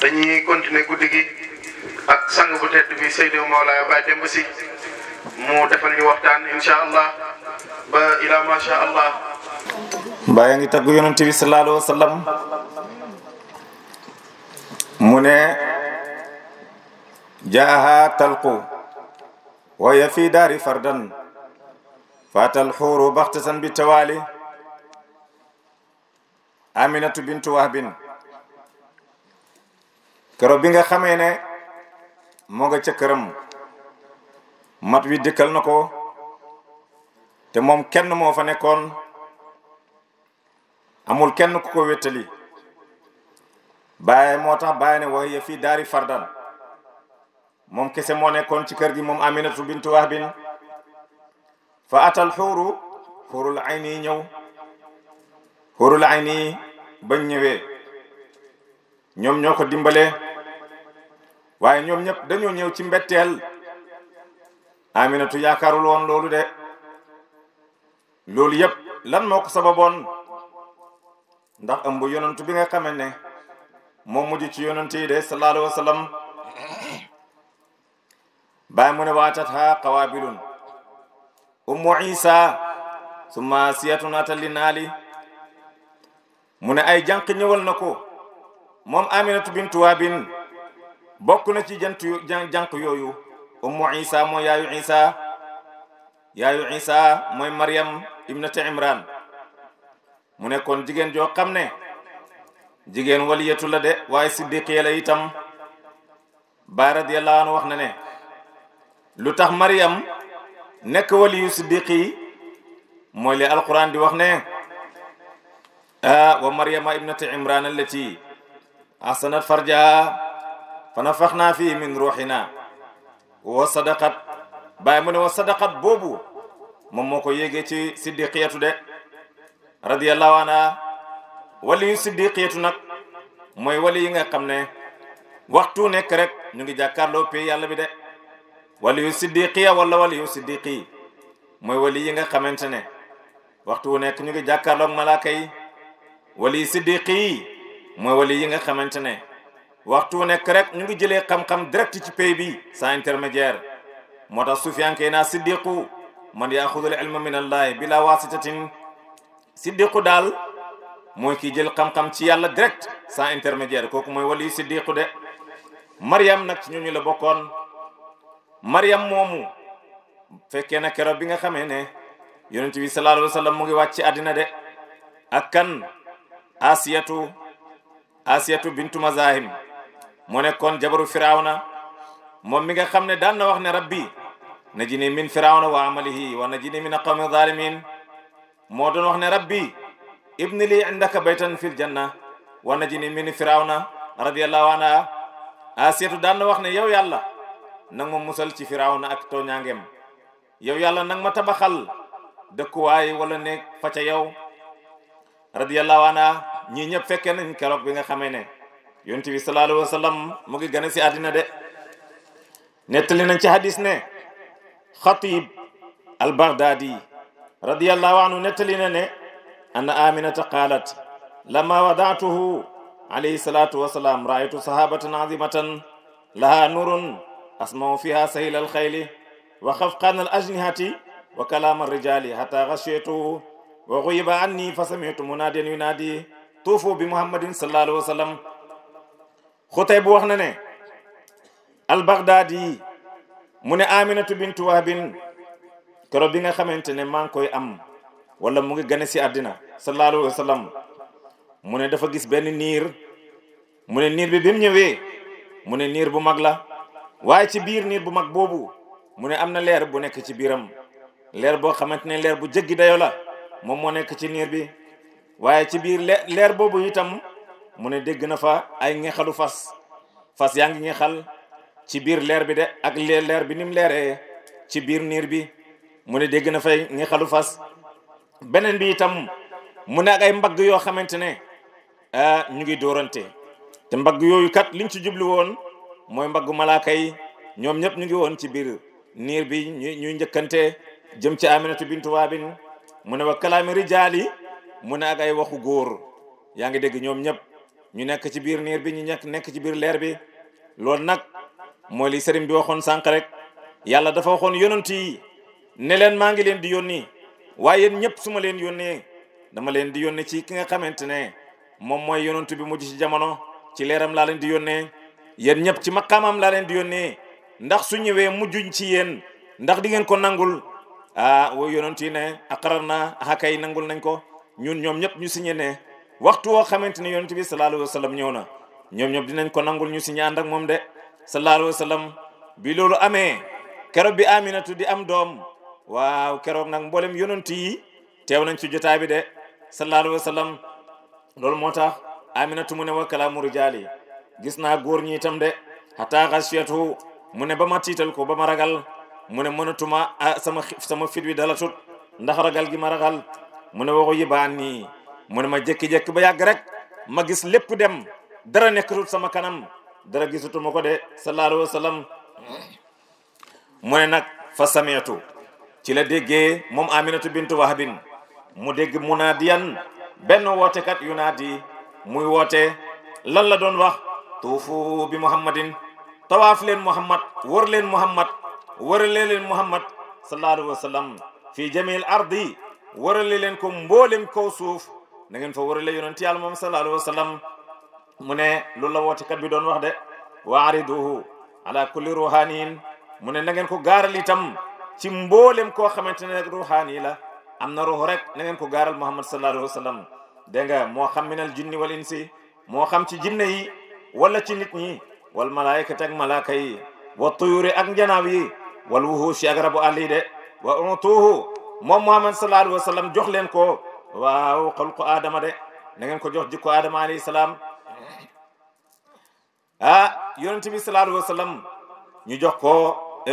dañu continuer guddi gi ak sang bu tedd bi Seydou Mawla Baye Demba mu defal ñu waxtaan incha allah ba ila macha allah. mbaa yaa ngi tagg yonent bi sallallahu alayhi mu ne jaaha talqu waya fi daari fardan fatal xuuru baxtasan bi tawaali aminatu bintu wahbin keroog bi nga xamee ne moo nga ca këram mat wi dëkkal na ko te moom kenn moo fa nekkoon amul kenn ku ko wéttali bàyyi moo tax bàyyi ne wax ya daari fardan moom kese moo nekkoon ci kër gi moom aminatu bintu wahbin fa atal xuuru xuurul ayni yi ñëw xuurul ayni yi bañ ñoom ñoo ko dimbale waaye ñoom ñëpp dañoo ñëw ci mbetteel Aminatu yaakaarul woon loolu de loolu yëpp lan moo ko sababoon ndax ëmb yonantu bi nga xamee ne moom mujj ci yonantu yi de sallallahu alayhi wa sallam bàyyi mu ne waatatha qawaabilun ummu isa summa siyatun atalli naali mu ne ay jànq ñëwal na ko moom aminatu bintu waabin bokk na ci jant yu jànq yooyu ummu isa mooy yaayu isa yaayu isa mooy maryam ibnata imran mu nekkoon jigéen joo xam ne jigéen waliyatu la de waaye siddiqiya la itam baay radiyallahu wax na ne lu tax maryam nekk waliyu siddiqi mooy li alquran di wax ne ah, wa maryama ibnata imran allati ahsanat farjaha fa nafaxnaa fii min ruuxinaa wa sadaqat bàyyi mu ne wa sadaqat boobu moom moo ko yéegee ci siddiqiyatu de radiyallahu anha wali yu siddiqiyatu nag mooy wali yi nga xam ne waxtu nekk rek ñu ngi jàkkaarloo yàlla bi de wali yu siddiqiya wala wali yu siddiqi mooy wali yi nga xamante ne waxtu wu nekk ñu ngi jàkkaarloog malaaka yi wali siddiqi yi mooy wali yi nga xamante ne waxtu nekk rek ñu ngi jëlee xam-xam direct ci pays bi sans intermédiaire moo tax sufiyanke yi naa siddiqu man yaxudul ilma min allahi bila wasitatin siddiqu daal mooy kii jël xam-xam ci yàlla direct sans intermédiaire kooku mooy wali siddiqu de mariam nag ci ñooñu la bokkon mariam moomu fekkee na keroog bi nga xamee ne yonent bi sallallahu alayhi wa mu ngi wàcc àddina de ak kan asiyatu asiyatu bintu mazahim moo nekkoon jabaru firawna moom mi nga xam ne daan na wax ne rabbi najini min firawna wa amalihi wa najini min qawmi zalimin moo doon wax ne rabbi ibni li indaka baytan fil janna wa najini min firawna radiyallahu anha asiyatu daan na wax ne yow yàlla nang ma musal ci firawna ak tooñaangeem yow yàlla nang ma tabaxal dëkkuwaay wala nekk fa ca yow radiyallahu anha ñii ñëpp fekkee nañ keroog bi nga xamee ne yonent bi sallallahu alayhi wa sallam mu ngi gane si àddina de nettali nañ ci hadis ne xatib al baghdadi radiyallahu anhu nettali na ne anna aminata qaalat lama wadaatuhu alayhi salatu wasalaam raaytu sahabatan azimatan laha nurun asmau fiha sahil al xayli wa xafqan al ajnihati wa kalaam al rijali hatta xashiyatuhu wa guyiba anni fa samitu munadiyan yunadi tuufu bi muhammadin sallallahu alayhi wa sallam xutay bu wax na ne al-Baghdadi mu ne Aminatu bintu Wahbin keroog bi nga xamante ne maa ngi koy am wala mu ngi gane si àddina sallallahu alayhi mu ne dafa gis benn niir mu ne niir bi bi ñëwee mu ne niir bu mag la waaye ci biir niir bu mag boobu mu ne am na leer bu nekk ci biiram leer boo xamante ne leer bu jéggi dayo la moom moo nekk ci niir bi waaye ci biir leer boobu itam mu ne dégg na fa ay ngexalu fas fas yaa ngi ngexal ci biir leer bi de ak leer bi ni mu leeree ci biir niir bi mu ne dégg na fay ngexalu fas beneen bi itam mu ne ak ay mbagg yoo xamante ne ñu ngi dóorante te mbagg yooyu kat liñ ci jublu woon mooy mbaggu malaaka yi ñoom ñëpp ñu ngi woon ci biir niir bi ñuy njëkkante jëm ci aminatu bintu waabin mu ne wa kalaami rijaali mu ne ak ay waxu góor yaa ngi dégg ñoom ñëpp ñu nekk ci biir niir bi ñu nekk nekk ci biir leer bi loolu nag mooy li sëriñ bi waxoon sànq rek yàlla dafa waxoon yonent yi ne leen maa ngi leen di yónni waaye yéen ñëpp su ma leen yónnee dama leen di yónni ci ki nga xamante ne moom mooy yonent bi mujj ci jamono ci leeram laa leen di yónnee yéen ñëpp ci maqaamam laa leen di yónnee ndax su ñëwee mujjuñ ci yéen ndax di ngeen ko nangul ah wooy yonent yi ne na naa axakay nangul nañ ko ñun ñoom ñëpp ñu signé ne waxtu woo xamante ne yonent bi sallallahu alayhi wa sallam ñëw na ñoom ñoom dinañ ko nangul ñu si ñu moom de sallallahu alayhi wa sallam bi loolu amee keroog bi aminatu di am doom waaw keroog nag mboolem yonent yi teew nañ ci jotaay bi de sallallahu alayhi wa sallam loolu moo tax aminatu mu ne wa kalaamu rijaali gis naa góor ñi itam de hatta xasiyatu mu ne ba ma tiital ko ba ma ragal mu ne mënatuma ah, sama sama fit wi dalatut ndax ragal gi ma ragal mu ne waxu yibaan nii mu ma jékki-jékki ba yàgg rek ma gis lépp dem dara nekkatul sama kanam dara gisutuma ko de sallallahu alayhi wa sallam ne nag fa samiatu ci la déggee moom aminatu bintu wahabin mu dégg munaadiyan benn wootekat yu naadi muy woote lan la doon wax tuufu bi muhammadin tawaaf leen muhammad wër leen muhammad wërale leen muhammad sallallahu alayhi wa sallam fii jamil ardi wërale leen ko mboolem kaw suuf nangeen ngeen fa warale yonent yàlla moom sallallahu alayhi wa sallam mu ne loolu la wootekat bi doon wax de wa ariduhu ala kulli ruhaniin mu ne nangeen ko gaaral tam ci mboolem koo xamante ne rek ruhaani la am na ruux rek na ngeen ko gaaral muhammad sallallahu alayhi wa sallam dégg nga moo xam minal jinni wal insi moo xam ci jinne yi wala ci nit ñi wal malaayikati ak malaaka yi wa tuyuri ak njanaaw yi wal wuhuushi ak rabu àll de wa utuuhu moom muhammad sallallahu alayhi leen ko waaw xalqu aadama de na ko jox jikko aadama alayhi salaam ah yonent bi sallallahu alayhi wa ñu jox ko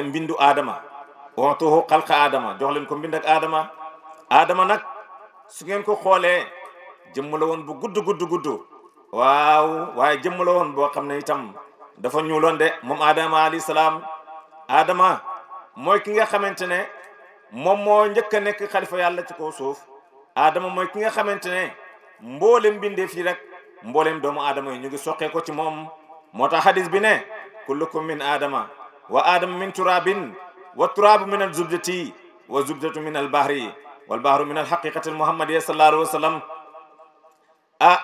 mbindu aadama waxtuhu xalqa aadama jox leen ko mbind ak aadama aadama nag su ngeen ko xoolee jëmm woon bu gudd gudd gudd waaw waaye jëmm woon boo xam ne itam dafa ñuuloon de moom aadama alayhi salaam aadama mooy ki nga xamante ne moom moo njëkk a nekk xalifa yàlla ci kaw suuf aadama mooy ki nga xamante ne mboolem mbindeef yi rek mboolem doomu aadama yi ñu ngi soqee ko ci moom moo tax hadis bi ne kullukum min aadama wa aadama min turabin wa turabu min al zubdati wa zubdatu min al bahri wal bahru min al haqiqati al muhammadiya sallallahu alayhi wa sallam ah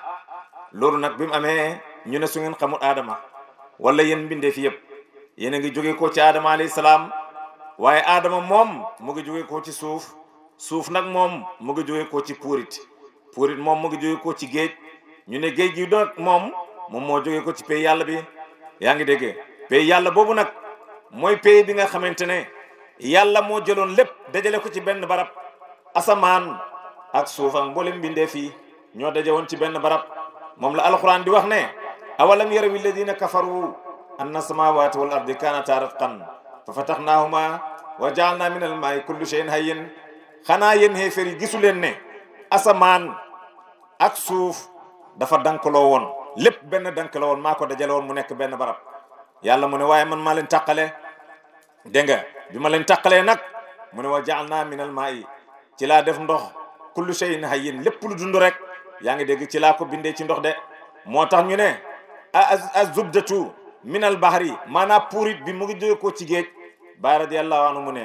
loolu nag bi mu amee ñu ne su ngeen xamul aadama wala yéen mbindeef yëpp yéen a ngi jóge ko ci aadama alayhi salaam waaye aadama moom mu ngi jóge ko ci suuf suuf nag moom mu ngi jóge ko ci puurit puurit moom mu ngi jóge ko ci géej ñu ne géej gi nag moom moom moo jóge ko ci pay yàlla bi yaa ngi dégg pay yàlla boobu nag mooy pay bi nga xamante ne yàlla moo jëloon lépp dajale ko ci benn barab asamaan ak suuf ak mboolem mbindeef yi ñoo daje woon ci benn barab moom la alxuraan di wax ne awalam yarawi alladina kafaru anna samawati wal ardi kaanata ratqan fa fataxnaahuma wa jaalna min almaayi kulli cheyin hayyin xanaa yéen xeefeer yi gisu leen ne asamaan ak suuf dafa dankaloo woon lépp benn dankaloo woon maa ko dajale mu nekk benn barab yàlla mu ne waaye man maa leen tàqale dégg nga bi ma leen tàqalee nag mu ne wa jaal naa minal maa yi ci laa def ndox kullu shay'in hayyin lépp lu dund rek yaa ngi dégg ci laa ko bindee ci ndox de moo tax ñu ne a zubdatu minal bahri maanaam puurit bi mu ngi jóge ko ci géej ba radiyallahu anhu mu ne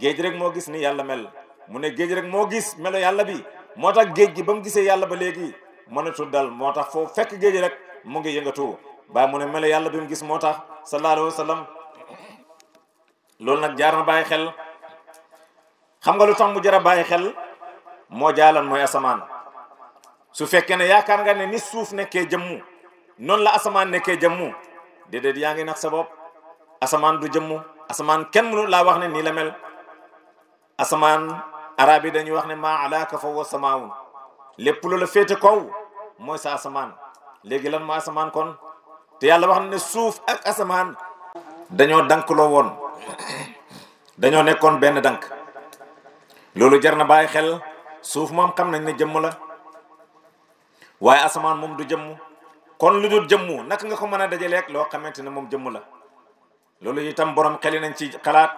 géej rek moo gis ni yàlla mel mu ne géej rek moo gis melo yàlla bi moo tax géej gi ba mu gisee yàlla ba léegi mënatul dal moo tax foo fekk géej rek mu ngi yëngatu ba mu ne melo yàlla bi mu gis moo tax sallallahu alayhi wa sallam nag jaar na bàyyi xel xam nga lu tax mu jar a bàyyi xel moo jaalan mooy asamaan su fekkee ne yaakaar nga ne ni suuf nekkee jëmmu noonu la asamaan nekkee jëmmu déedéet yaa ngi nax sa bopp asamaan du jëmmu asamaan kenn mënu laa wax ne ni la mel asamaan arab yi dañuy wax ne maa alaaka fa wa samaawun lépp loola féete kaw mooy sa asamaan léegi lan ma asamaan kon te yàlla wax na ne suuf ak asamaan dañoo dankloo woon dañoo nekkoon benn dank loolu jar na bàyyi xel suuf moom xam nañ ne jëmm la waaye asamaan moom du jëmm kon lu dul jëmm naka nga ko mën a dajaleeg loo xamante ne moom jëmm la loolu itam borom xeli ci xalaat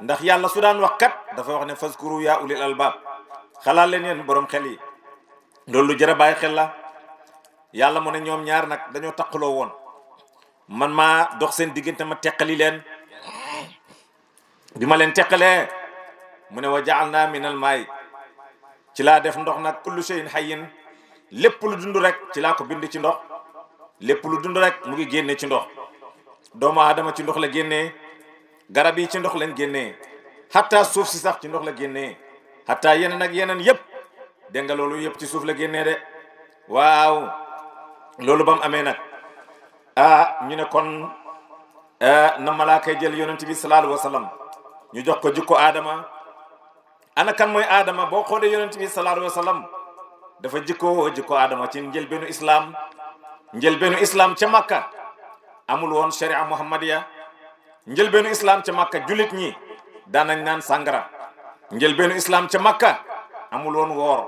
ndax yàlla su daan wax kat dafa wax ne faskuru yaa ulil albaab xalaat leen yéen borom xel yi loolu lu jërë bàyyi xel la yàlla mu ne ñoom ñaar nag dañoo taqaloo woon man maa dox seen diggante ma teqali leen bi ma leen teqalee mu ne wa jaal naa minal maay ci laa def ndox nag kullu shay'in hayyin lépp lu dund rek ci laa ko bind ci ndox lépp lu dund rek mu ngi génne ci ndox doomu aadama ci ndox la génnee garab yi ci ndox leen génnee xataa suuf si sax ci ndox la génnee xataa yeneen ak yeneen yëpp dégg nga loolu yëpp ci suuf la génnee de waaw loolu ba mu amee nag ah ñu ne kon na malaake jël yonent bi sallallahu alayhi wa ñu jox ko jikko aadama ana kan mooy adama boo xoolee yonent bi sallallahu alayhi wa sallam dafa jikko jikko aadama ci njëlbeenu islam njëlbeenu islam ca makka amul woon sharia muhammadiya njëlbeenu islam ca makka jullit ñi daanañ naan sàngara njëlbeenu islaam ca makka amul woon woor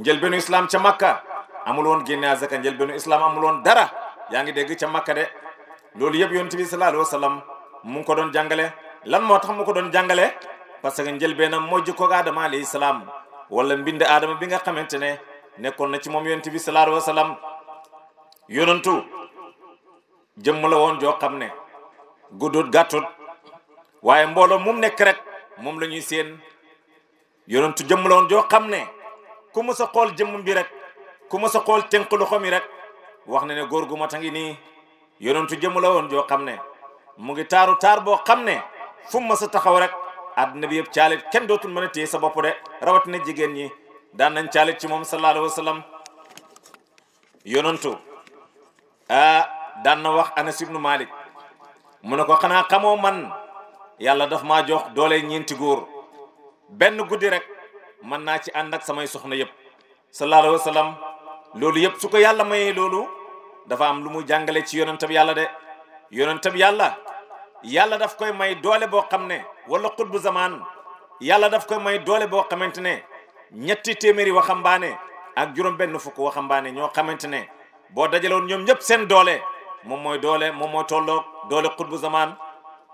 njëlbeenu islam ca makka amul woon génne azaka njëlbeenu islaam amul woon dara yaa ngi dégg ca makka de loolu yëpp yonent bi sallallahu alayhi mu ngi ko doon jàngale lan moo tax mu ko doon jàngale parce que njëlbeenam mooy jikkoog aadama alayhi salaam wala mbind aadama bi nga xamante ne nekkoon na ci moom yonent bi sallallahu alayhi wa sallam woon joo xam guddut gàttut waaye mbooloo mum nekk rek moom la ñuy seen yonentu jëmm joo xam ne ku mës a xool jëmm bi rek ku mës a xool tënk loxo mi rek wax na ne góor gu mat a ngi nii yonentu jëmm la joo xam ne mu ngi taaru taar boo xam ne fu mu mës a taxaw rek àdduna bi yëpp caalit kenn dootul mën a téye sa bopp de rawatina jigéen ñi daan nañ caalit ci moom sallallahu alayhi wa sallam yonentu ah, daan na wax Anas nu Malik mu ne ko xanaa xamoo man yàlla daf maa jox doole ñeenti góor benn guddi rek man naa ci ànd ak samay soxna yëpp sallallahu alayhi wa loolu yëpp su ko yàlla mayee loolu dafa am lu mu jàngale ci yonentam yàlla de yonentam yàlla yàlla daf koy may doole boo xam ne wala xutbu zamaan yàlla daf koy may doole boo xamante ne ñetti téeméeri waxambaane ak juróom benn fukk waxambaane ñoo xamante ne boo dajaloon ñoom ñëpp seen doole moom mooy doole moom mooy tolloog doole xutbu zamaan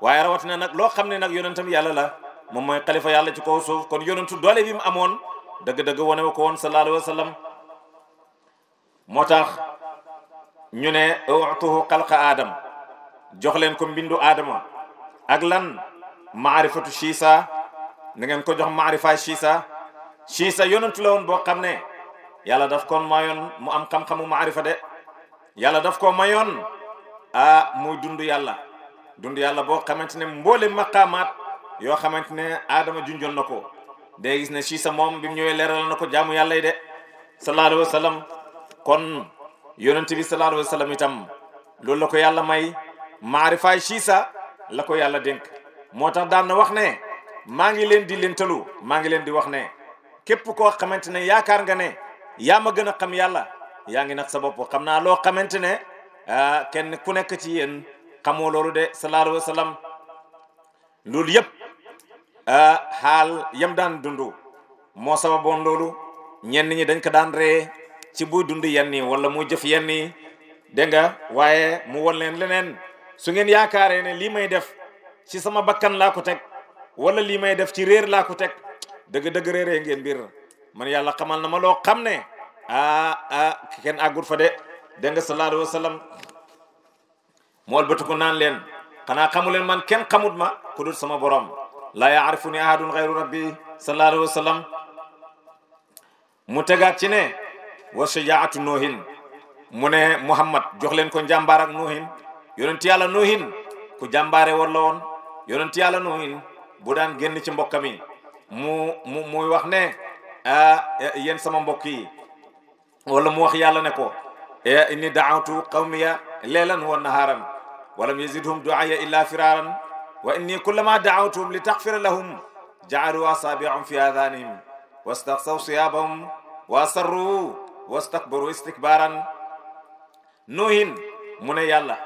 waaye rawatina nag loo xam ne nag yonentam yàlla la moom mooy xalifa yàlla ci ko suuf kon yonentu doole bi mu amoon dëgg-dëgg wane ko woon sallallahu alayhi wa sallam moo tax ñu ne utuhu xalqa aadam jox leen ko mbindu aadama ak lan maarifatu shiisa na ngeen ko jox maarifa shiisa shiisa yonentu la woon boo xam ne yàlla daf ko mayoon mu am xam-xamu maarifa de yàlla daf ko mayoon aa ah, muy dund yàlla dund yàlla boo xamante ne mboole maqaamaat yoo xamante ne aadama junjoon na ko day gis ne ci sa moom bi mu ñëwee leeral na ko jaamu yàlla de sallallahu alayhi kon yonent bi sallallahu alayhi wa sallam itam loolu la ko yàlla may maarifaay ci sa la ko yàlla dénk moo tax daan na wax ne maa ngi leen di leen talu maa ngi leen di wax ne képp ko xamante ne yaakaar nga ne yaa ma gën a xam yàlla yaa ngi nag sa bopp xam naa loo Ah, kenn ku nekk ci yéen xamoo loolu de sallallahu alayhi wa sallam loolu yëpp ah, xaal yam daan dund moo sababoon loolu ñenn ñi dañ ko daan ree ci buy dund yenn yi wala muy jëf yenn yi dégg nga waaye mu won leen leneen su ngeen yaakaaree ne lii may def ci sama bakkan laa ko teg wala lii may def ci réer laa ko teg dëgg-dëgg réeree ngeen mbir man yàlla xamal na ma loo xam ne ah ah kenn àggut de dégg nga sallallahu alayhi wa mu walbatiku naan leen xanaa xamu leen man kenn xamut ma ku dul sama borom laa yaarifu ni ahadun xayru rabbi sallallahu alayhi mu tegaat ci ne wa shajaatu nuuhin mu ne muhammad jox leen ko njàmbaar ak nuuhin yonenti yàlla nuuhin ku jàmbaare woon la woon yonenti yàlla nuuhin bu daan génn ci mbokkam yi mu mu wax ne ah, yéen sama mbokk yi wala mu wax yàlla ne ko inni daawtu qawmiya leelan wa naharan walam yazidhum duaya illa firaran wa inni kullama daawtuhum li taxfira lahum jaalu asaabiahum fi adanihim wastaxsaw siyaabahum wa asarru wastakbaru istikbaran nuhin mu ne yàlla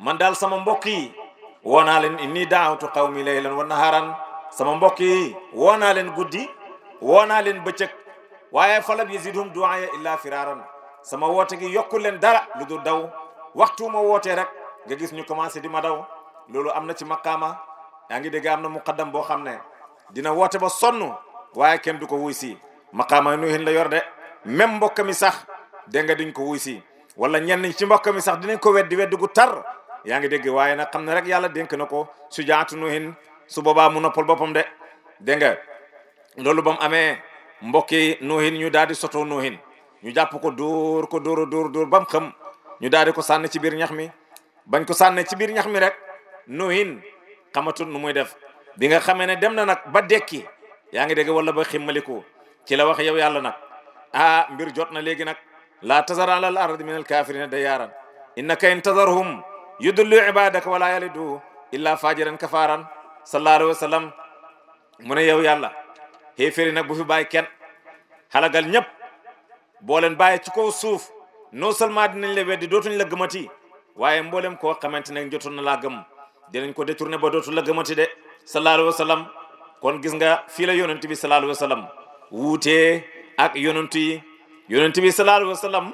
man daal sama mbokk yi woo naa leen inni daawtu qawmi laylan wa naharan sama mbokk yi woo naa leen guddi woo naa leen bëccëg waaye falam yazidhum duaya illa firaran sama woote gi yokkul leen dara lu daw waxtu ma wootee rek nga gis ñu commencé di ma daw loolu am na ci maqaama yaa ngi dégg am na muqaddam boo xam ne dina woote ba sonn waaye kenn du ko wuy si maqaama nuhin la yor de même mbokk mi sax dégg nga duñ ko wuy si wala ñenn ci mbokk mi sax dina ko weddi weddi gu tar yaa ngi dégg waaye nag xam ne rek yàlla dénk na ko sujaatu nuhin su boobaa mu noppal boppam de dégg nga loolu ba mu amee mbokk yi nuhin ñu daal di sotoo nuhin ñu jàpp ko dóor ko dóor dóor dóor bam mu xam ñu daal ko sànni ci biir ñax mi bañ ko sànni ci biir ñax mi rek nuhin xamatul nu muy def bi nga xamee ne dem na nag ba dekki yaa ngi dégg wala ba ximmaliku ci la wax yow yàlla nag ah mbir jot na léegi nag laa tazar ala al ard min al kafirina dayaaran innaka in tazarhum yudullu ibadaka wala yalidu illa fajiran kafaran sallallahu yow yàlla xéeféeri nag bu fi bàyyi ñëpp boo leen bàyyi ci kaw suuf non seulement dinañ la weddi dootuñ la gëmati waaye mboolem koo xamante ne jotoon na laa gëm dinañ ko détourné ba dootu la gëmati de sallallahu alayhi wa sallam kon gis nga fii la yonent bi sallallahu alayhi wa sallam ak yonent yi yonent bi sallallahu alayhi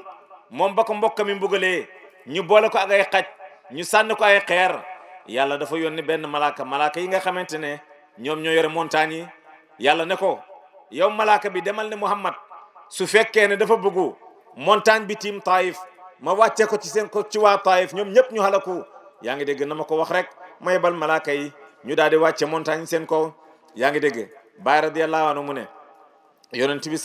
moom ba ko mi mbugalee ñu boole ko ak ay xaj ñu sànni ko ay xeer yàlla dafa yónni benn malaaka malaaka yi nga xamante ne ñoom ñoo yore montagne yi yàlla ne ko yow malaaka bi demal ne Muhammad su fekkee ne dafa bëggu montagne bi tiim taayif ma wàccee ko ci seen ko ci waa taayif ñoom ñëpp ñu xalaku yaa ngi dégg na ma ko wax rek ma yebal malaaka yi ñu daal di wàcce montagne seen kaw yaa ngi dégg baay radiyallahu anhu mu ne yonent bi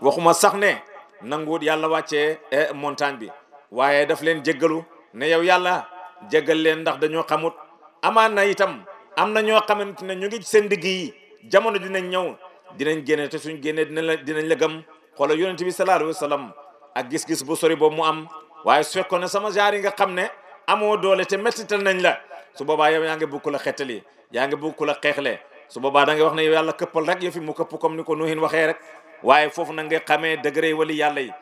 waxuma sax ne nanguwut yàlla wàccee montagne bi waaye daf leen jéggalu ne yow yàlla jéggal leen ndax dañoo xamut amaan na itam am na ñoo xamante ne ñu ngi seen digg yi jamono dinañ ñëw dinañ génne te suñ génnee dinañ la dinañ la gëm xoolal yonent bi sallallahu alayhi wa sallam ak gis-gis bu sori boobu mu am waaye su fekkoon ne sama jaar yi nga xam ne amoo doole te mettital nañ la su boobaa yow yaa nge bugg la xettali yaa ngi bugg la xeexle su boobaa da ngay wax ne yow yàlla këppal rek yow fi mu këpp comme ni ko nuhin waxee rek waaye foofu na nga xamee degré wali yàlla yi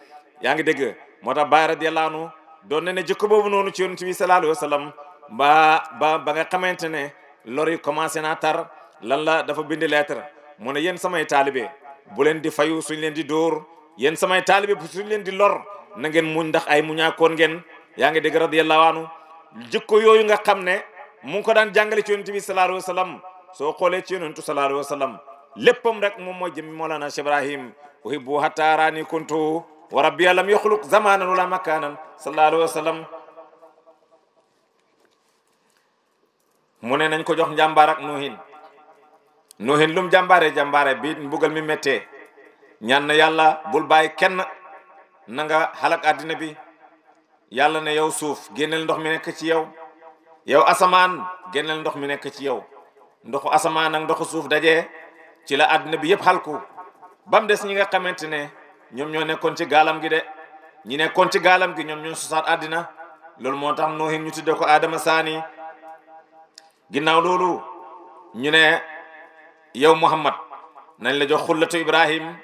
yaa ngi dégg moo tax Baay radiyallahu anhu doon na ne jikko boobu noonu ci yonent bi sallallahu alayhi wa ba ba ba nga xamante ne lor yi commencé naa tar lan la dafa bind lettre mu ne yéen samay taalibe bu leen di fayu suñ leen di dóor yéen samay taalibe bu suñ leen di lor na ngeen muñ ndax ay muñaakoon ngeen yaa ngi dégg radiyallahu anhu jikko yooyu nga xam ne mu ngi ko daan jàngale ci yonent bi sallallahu alayhi wa sallam soo xoolee ci yonentu sallallahu alayhi wa sallam léppam rek moom mooy jëmmi Mawlana Cheikh o uhibbu hatta raani kuntu wa rabbi lam yaxluq zamanan wala makanan sallallahu alayhi mu ne nañ ko jox njàmbaar ak nuhin nuhin lum jàmbaare jàmbaare bi mbugal mi méttee ñaan na yàlla bul bàyyi kenn nanga nga xalak àddina bi yàlla ne yow suuf génneel ndox mi nekk ci yow yow asamaan génneel ndox mi nekk ci yow ndoxu asamaan ak ndoxu suuf daje ci la àddina bi yëpp xalku ba des ñi nga xamante ne ñoom ñoo nekkoon ci gaalam gi de ñi nekkoon ci gaalam gi ñoom ñoo sosaat àddina loolu moo tax noohin ñu tudde ko aadama saani ginnaaw loolu ñu yow muhammad nañ la jox xullatu ibrahim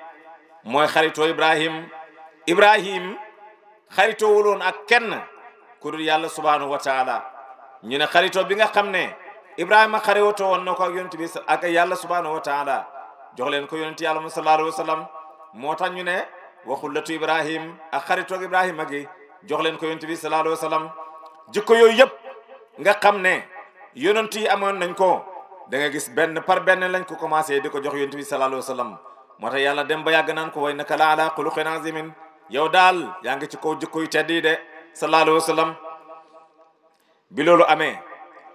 mooy xaritoo ibrahim ibrahim xaritoo wuloon ak kenn ku dul yàlla subhanahu wa taala ñu ne xaritoo bi nga xam ne ibrahima xaritoo woon na ko ak ak yàlla subhanahu wa taala jox leen ko yàlla mu sallallahu alayhi moo tax ñu ne wa xullatu ibrahim ak xaritoog ibrahima gi jox leen ko yonent bi yooyu yëpp nga xam ne yonent yi amoon nañ ko da nga gis benn par benn lañ ko commencé di ko jox yonent bi sallallahu alayhi wa sallam moo tax yàlla dem ba yàgg naan ko way naka la ala xuluqin azimin yow daal yaa ngi ci kaw jikko yu tedd yi de sallallahu alayhi wa sallam bi loolu amee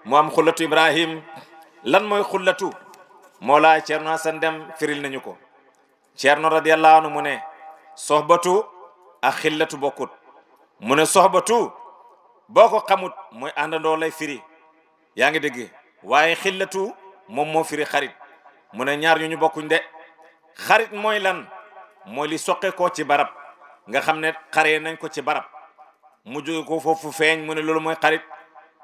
mu am xullatu ibrahim lan mooy xullatu moolaa ceerno hasan dem firil nañu ko ceerno radiyallahu anhu mu ne soxbatu ak xillatu bokkut mu ne soxbatu boo ko xamut mooy àndandoo lay firi yaa ngi dégg waaye xillatu moom moo firi xarit mu ne ñaar ñu ñu bokkuñ de xarit mooy lan mooy li soqe koo ci barab nga xam ne xaree nañ ko ci barab mu jóge ko foofu feeñ mu ne loolu mooy xarit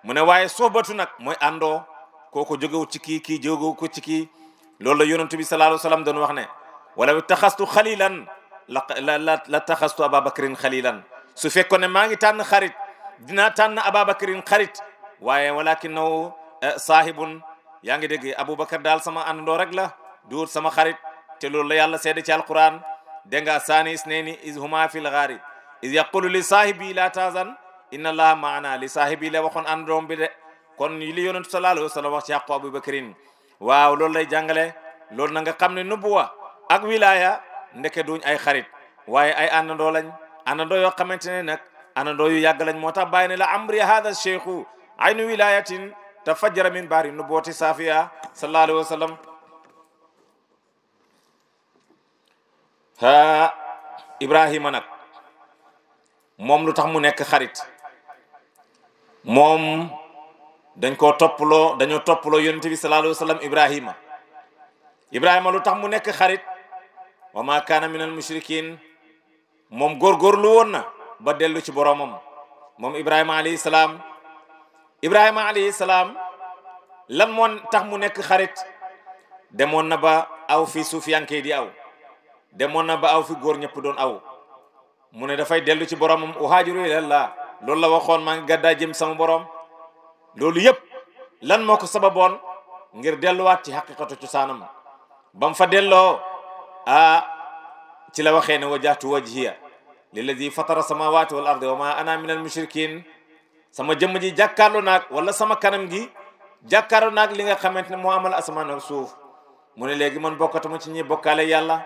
mu ne waaye sohbatu nag mooy àndoo kooku jógewu ci kii kii jógewu ko ci kii loolu la yonent bi sallallahu alayhi wa doon wax ne wala taxastu xalilan la la la taxastu ababakrin xalilan su fekkoon ne maa ngi tànn xarit dinaa tànn ababakrin xarit waaye walakin naw eh, saahibun yaa ngi dégg Aboubacar daal sama àndandoo rek la duur sama xarit te loolu la yàlla seede ci alquran dégg nga saani isnayni iz huma fil ghaari iz yaqulu li saahibi la tazan inna allaha maana li saahibi la waxoon àndandoom bi de kon li yonentu sallallahu alayhi wa sallam wax ci àqu Aboubacarin waaw loolu lay jàngale loolu na nga xam ne nubuwa ak wilaya ndeke duñ ay xarit waaye ay àndandoo lañ àndandoo yoo xamante ne nag àndandoo yu yàgg lañ moo tax bàyyi ne la amri tafajjara min bahri nu safiya sallallahu alaihi wasallam ha ibrahima nag moom lu tax mu nekk xarit moom dañ koo toppaloo dañoo toppaloo yon bi sallallahu alaihi wasallam ibrahima ibrahima lu tax mu nekk xarit wa ma kaana min al mushrikin moom góorgóorlu woon na ba dellu ci boromam moom ibrahima alayhi ibrahima salaam lan moo tax mu nekk xarit demoon na ba aw fi suufiyanke di aw demoon na ba aw fi góor ñëpp doon aw mu ne dafay dellu ci boromam uhaajiru ilallah loolu la waxoon maa ngi gàddaa jëm sama borom loolu yëpp lan moo ko sababoon ngir delluwaat ci xaqiqatu cosaanam ba fa delloo ah ci la waxee ne wajjahtu wajhiya lilladi fatara samawati wal ardi wa ma ana min al sama jëmm ji jàkkaarloo naak wala sama kanam gi jàkkaarloo naag li nga xamante ne moo amal asamaan ak suuf mu ne léegi man bokkatuma ci ñi bokkaale yàlla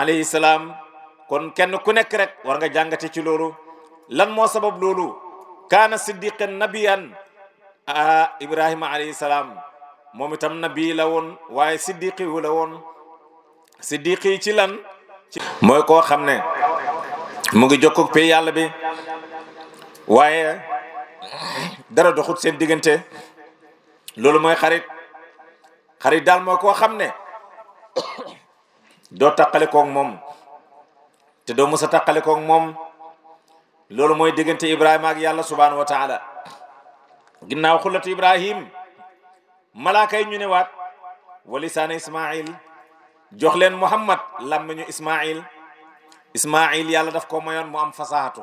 alayhi salaam kon kenn ku nekk rek war nga jàngate ci loolu lan moo sabab loolu kaana siddiqan nabiyan a ibrahima alayhi salaam moom itam nabi la woon waaye siddiqi wu la woon siddiqi ci lan ci mooy koo xam ne mu ngi jokkog pay yàlla bi waaye dara doxut seen diggante loolu mooy xarit xarit daal mooy koo xam ne doo tàqale koog moom te doo mës a tàqale moom loolu mooy diggante Ibrahima ak yàlla subhanahu wa taala ginnaaw xullatu Ibrahim malaaka yi ñu ne waat wa lisaana Ismail jox leen Muhammad làmmiñu Ismail Ismail yàlla daf ko mayoon mu am fasaxatu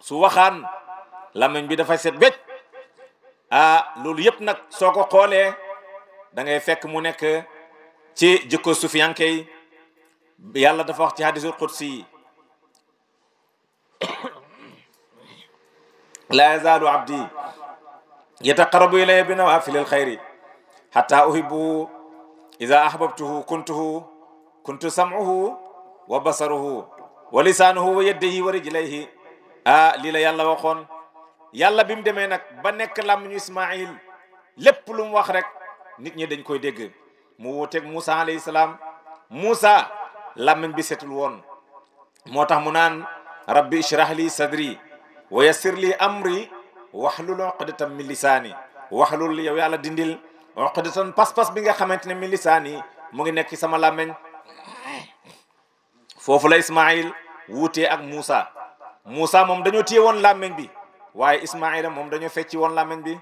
su waxaan làmmiñ bi dafa set wecc ah loolu yëpp nag soo ko xoolee da ngay fekk mu nekk ci jikko sufiyanke yi yàlla dafa wax ci hadisul qudsi yi laa yazaalu abdi yataqarrabu ilayya bi nawaafilil xayri xataa ida ahbabtuhu kuntu sam'uhu wa basaruhu wa lisaanuhu wa yaddihi wa rijlayhi ah lii la yàlla yàlla bi mu demee nag ba nekk làmmiñu Ismaayil lépp lum mu wax rek nit ñi dañ koy dégg mu wuuteeg Moussa alayhi salaam Moussa làmmiñ bi setul woon moo tax mu naan rabbi ishrah li sadri wa yassir li amri waxlul uqdatan min lisaani waxlul yow yàlla dindil uqdatan pas-pas bi nga xamante ne min lisaani mu ngi nekk ci sama làmmiñ foofu la Ismaayil wuutee ak Moussa Moussa moom dañoo téye woon làmmiñ bi waaye ismaila moom dañoo fecci woon làmmiñ bi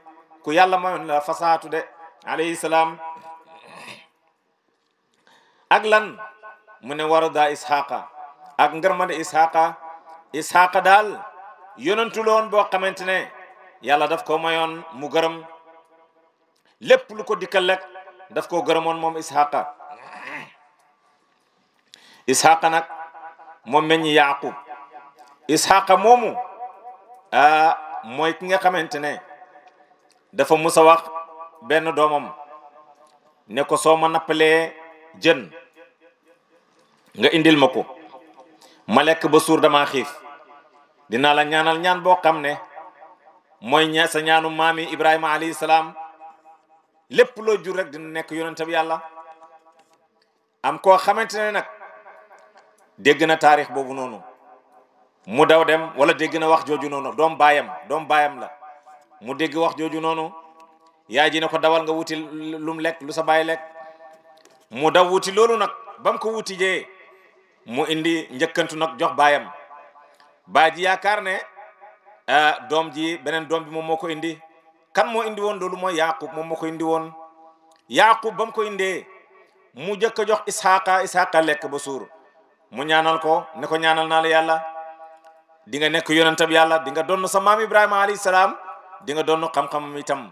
ku yàlla mayoon la fasaatu de alayhi salaam ak lan mu ne warada ishaqa ak ngërma de ishaqa daal yonentu loon boo xamante ne yàlla daf koo mayoon mu gërëm lépp lu ko dikkal rek daf koo gërëmoon moom ishaqa ishaqa nag moom meññi yaqub ishaqa moomu ah mooy ki nga xamante ne dafa mus a wax benn doomam ne ko soo ma nappalee jën nga indil ma ko ma lekk ba suur dama xiif dinaa la ñaanal ñaan boo xam ne mooy ña ñaanu maami Ibrahima alayhi salaam lépp loo jur rek dina nekk yonentab yàlla am koo xamante ne nag dégg na taarix boobu noonu mu daw dem wala dégg na wax jooju noonu doom baayam doom baayam la mu dégg wax jooju noonu yaay ji ne ko dawal nga wuti lum lekk lu sa baay lekk mu daw wuti loolu nag ba ko wuti jee mu indi njëkkantu nag jox baayam baay ji yaakaar ne doom ji beneen doom bi moom moo ko indi kan moo indi woon loolu mooy yaqub moom moo ko indi woon yaqub ba mu ko indee mu njëkk a jox isxaaqa isxaaqa lekk ba suur mu ñaanal ko ne ko ñaanal naa la di nga nekk yonentab yàlla di nga donn samaam maam Ibrahima alayhi salaam di nga donn xam-xam itam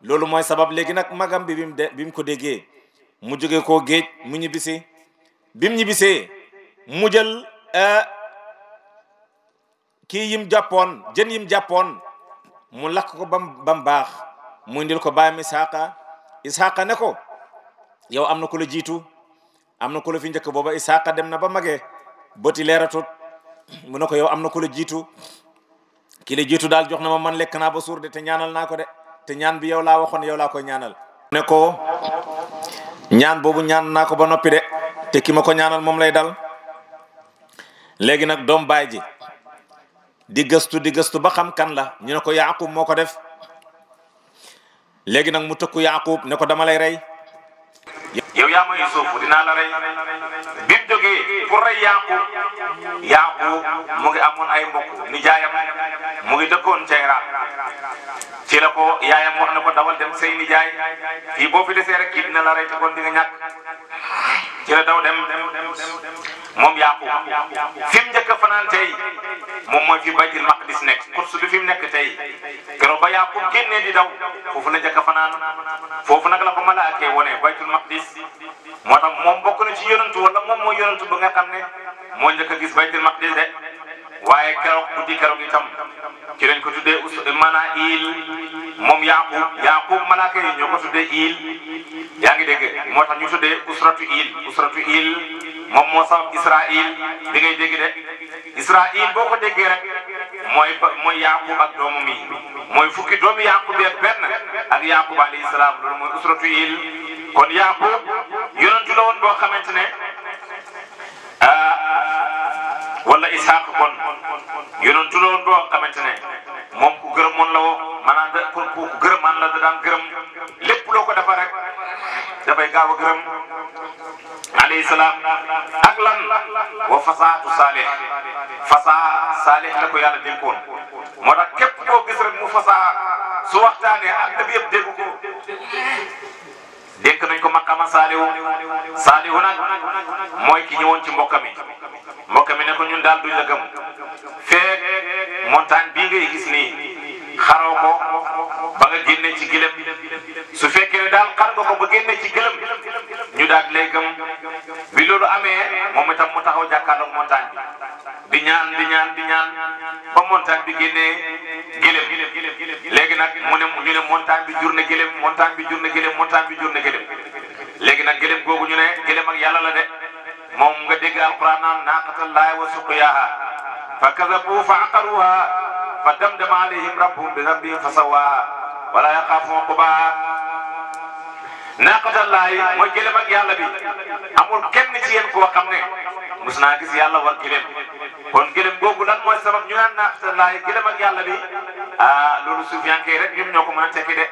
loolu mooy sabab léegi nag magam bi bi mu de bi ko déggee mu jóge koo géej mu ñibbisi bi mu ñibbisee mu jël euh, kii yim jàppoon jën yim jàppoon mu lakk ko bam baax mu indil ko baayam Isaaqa Isaaqa ne ko yow am na ku jiitu am na kolo fi njëkk booba Isaaqa dem na ba magee bëti leeratut mu ne ko yow am na ku la jiitu ki la jiitu daal jox na man lekk naa ba suur de te ñaanal naa ko de te ñaan bi yow laa waxoon yow laa koy ñaanal. ne ko ñaan boobu ñaan naa ko ba noppi de te ki ma ko ñaanal moom lay dal léegi nag doom baay ji di gëstu di gëstu ba xam kan la ñu ne ko Yaaqub moo ko def léegi nag mu tëkku Yaaqub ne ko dama lay rey. yow yaa may Yuusufu dinaa la rey bi mu jógee pour rey Yaaqub Yaaqub mu ngi amoon ay mbokk nijaayam mu ngi dëkkoon ca Irak ci la ko yaayam wax na ko dawal dem say nijaay fii boo fi desee rek kii na la rey te kon di nga ñàkk ci la daw dem moom Yaaqub fi mu njëkk a fanaan tey moom mooy fi Baytul Maqdis nekk Quds bi fi mu nekk tey keroog ba Yaaqub génnee di daw foofu la njëkk a fanaan foofu nag la ko malaakee wone moo tax moom bokk na ci yonantu wala moom moo yonantu ba nga xam ne moo njëkk a gis baytul maqdis de waaye keroog guddi keroog itam ci lañ ko tuddee us maanaam iil moom yaqub yaqub malaaka yi ñoo ko tuddee iil yaa ngi dégg moo tax ñu tuddee usratu iil usratu de israil boo ko déggee rek mooy ba mooy yaaqub ak doomam mooy fukki doomu yaaqub yeeg benn ak yaaqub alayhi salaam loolu mooy usratu il kon yaaqub yonentu boo xamante ne ah, wala ishaq kon yonentu la woon boo xamante ne moom ku gërëmoon la woo maanaam da ku gërëmaan la da daan gërëm lépp loo ko dafa dafay gaaw gërëm alayhi salaam ak lan wa fasaatu saalih fasaa saalih la ko yàlla dénkoon moo tax képp koo gis rek mu fasaa su waxtaanee ak bi yëpp dégg ko dénk nañ ko maqama saalihu saalihu nag mooy ki ñëwoon ci mbokka mi mbokka mi ne ko ñun daal duñ la gëm feek montagne ngay gis nii xaroo ko ba nga génne ci gilem su fekk daal xar nga ko ba génne ci gëlëm ñu daal di lay gëm bi loolu amee moom itam mu taxaw jàkkaarloog montagne bi di ñaan di ñaan di ñaan ba montagne bi mu ne ñu bi jur na gëlëm montagne bi jur na gëlëm montagne bi jur na gëlëm léegi nag gëlëm googu ñu ne gëlëm ak yàlla la de moom nga dégg alquran naan naaqatallaahi wa suqyaaha fa kazabu fa aqaruha fa damdama alayhim rabbuhum bi dambihim fa sawaaha wala yaqaafuuna uqbaaha naax naaqatallaay mooy gëlëm ak yàlla bi amul kenn ci yéen koo xam ne mus naa gis yàlla war gëlëm kon gëlëm googu lan mooy sabab ñu naan naaqatallaay gëlëm ak yàlla bi ah loolu suufiyanke yi rek ñoom ñoo ko mën a tekki de